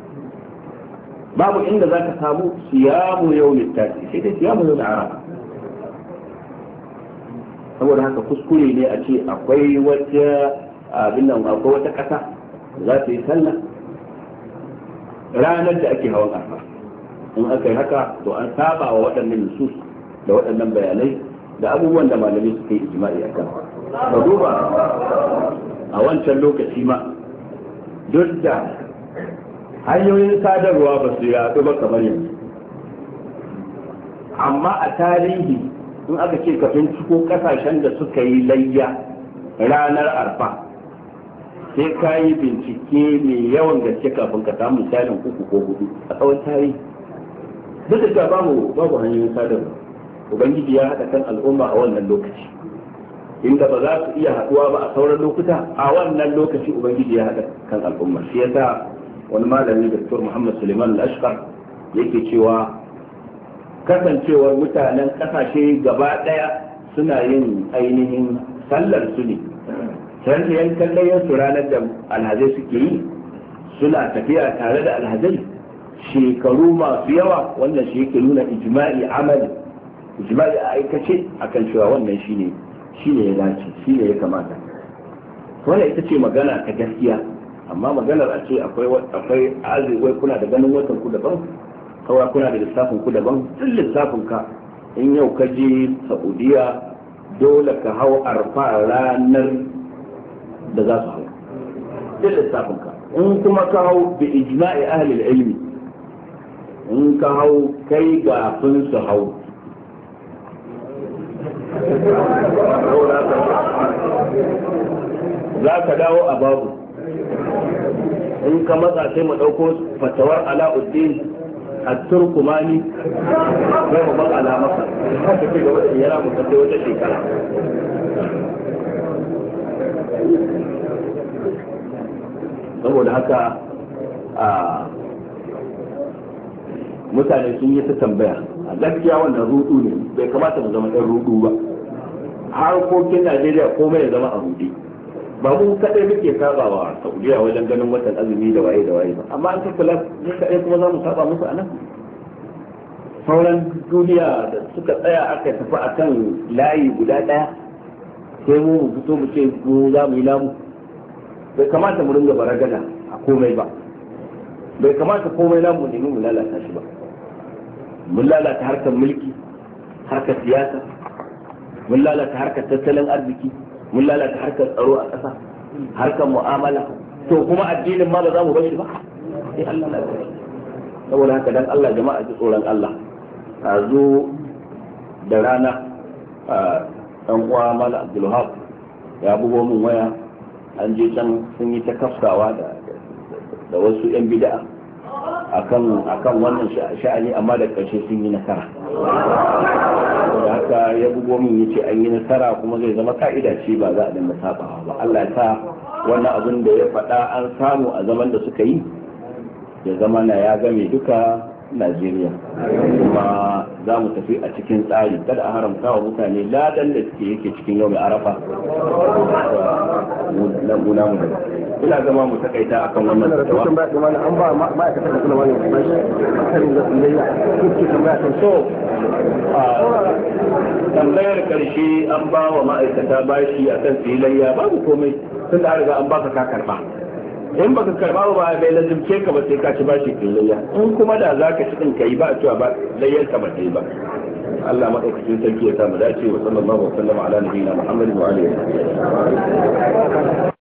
babu inda zaka samu siyamu yawmi tasi sai dai siyamu yawmi arafa saboda haka kuskure ne a ce akwai wata abin nan akwai wata ƙasa za ta yi sallah ranar da ake hawan arafa in aka yi haka to an saba wa waɗannan nusus da waɗannan bayanai da abubuwan da malamai suka yi ijma'i akan ka duba a wancan lokaci ma duk da hanyoyin sadarwa ba su yaɗu ba kamar yanzu amma a tarihi in aka ce ka binciko kasashen da suka yi layya ranar arfa sai ka yi bincike mai yawan gaske kafin ka samu misalin uku ko hudu a tsawon tarihi duk da babu babu hanyoyin sadarwa ubangiji ya haɗa kan al'umma a wannan lokaci inda ba za su iya haɗuwa ba a sauran lokuta a wannan lokaci ubangiji ya haɗa kan al'umma shi yasa wani malami Dr. Muhammad Suleiman Lashkar yake cewa kasancewar mutanen kasashe gaba ɗaya suna yin ainihin sallar su ne can kallayen su ranar da alhazai suke yi suna tafiya tare da alhazai shekaru masu yawa wannan shi yake nuna ijma'i amali ijma'i a aikace kan cewa wannan shi ne ya dace ne ya kamata wannan ita ce magana ta gaskiya amma maganar a ce akwai akwai azumi kuna da ganin watan ku daban kawai kuna da lissafin ku daban duk lissafin ka in yau ka je saudiya dole ka hau arfa ranar da za su hau duk lissafin ka in kuma ka hau bi ijma'i ahli ilmi in ka hau kai sun su hau za ka dawo a babu in ka matsa sai mu ɗauko fatawar ala'uddin a turkumani zai mu ban alamaka gaba da yana mu wata shekara saboda haka a mutane sun yi ta tambaya a gaskiya wannan rudu ne bai kamata mu zama ɗan rudu ba harkokin najeriya komai ya zama a rudi ba mu kaɗai muke saba wa saudiya wajen ganin watan azumi da waye da waye ba amma an las mu kaɗai kuma za mu saba musu a nan sauran duniya da suka tsaya aka tafi akan layi guda ɗaya sai mu fito mu ce mu za mu yi namu bai kamata mu ringa baragada a komai ba bai kamata komai namu ne mu lalata shi ba mun lalata harkar mulki harkar siyasa mun lalata harkar tattalin arziki mun lalata harkar tsaro a ƙasa harkar mu'amala to kuma addinin ma ba za mu bar shi ba sai Allah na saboda haka dan Allah jama'a ji tsoron Allah a zo da rana dan uwa mala Abdulhab ya bugo min waya an je can sun yi ta kafsawa da wasu yan bid'a akan wannan sha'ani amma da ƙarshe sun yi nasara da haka ya bugo min ya ce an yi nasara kuma zai zama ka'ida ce ba za a dinga sabawa ba Allah ya sa wannan abin da ya faɗa an samu a zaman da suka yi ya zama na ya game duka Najeriya kuma za mu tafi a cikin tsari kada a haramta wa mutane ladan da suke yake cikin yau mai arafa na mu ina zama mu takaita kan wannan fatawa an ba ma'aikata da kula so tambayar karshe an ba wa ma'aikata bashi a akan filayya babu komai sun da riga an baka ka karba in baka karba ba bai ke ka ba sai ka ci bashi kullayya in kuma da ka ci din kai ba cewa ba layyar ka ba sai ba Allah madaukakin sarki ya samu dace wa sallallahu alaihi wa sallam ala nabiyina Muhammadin wa alihi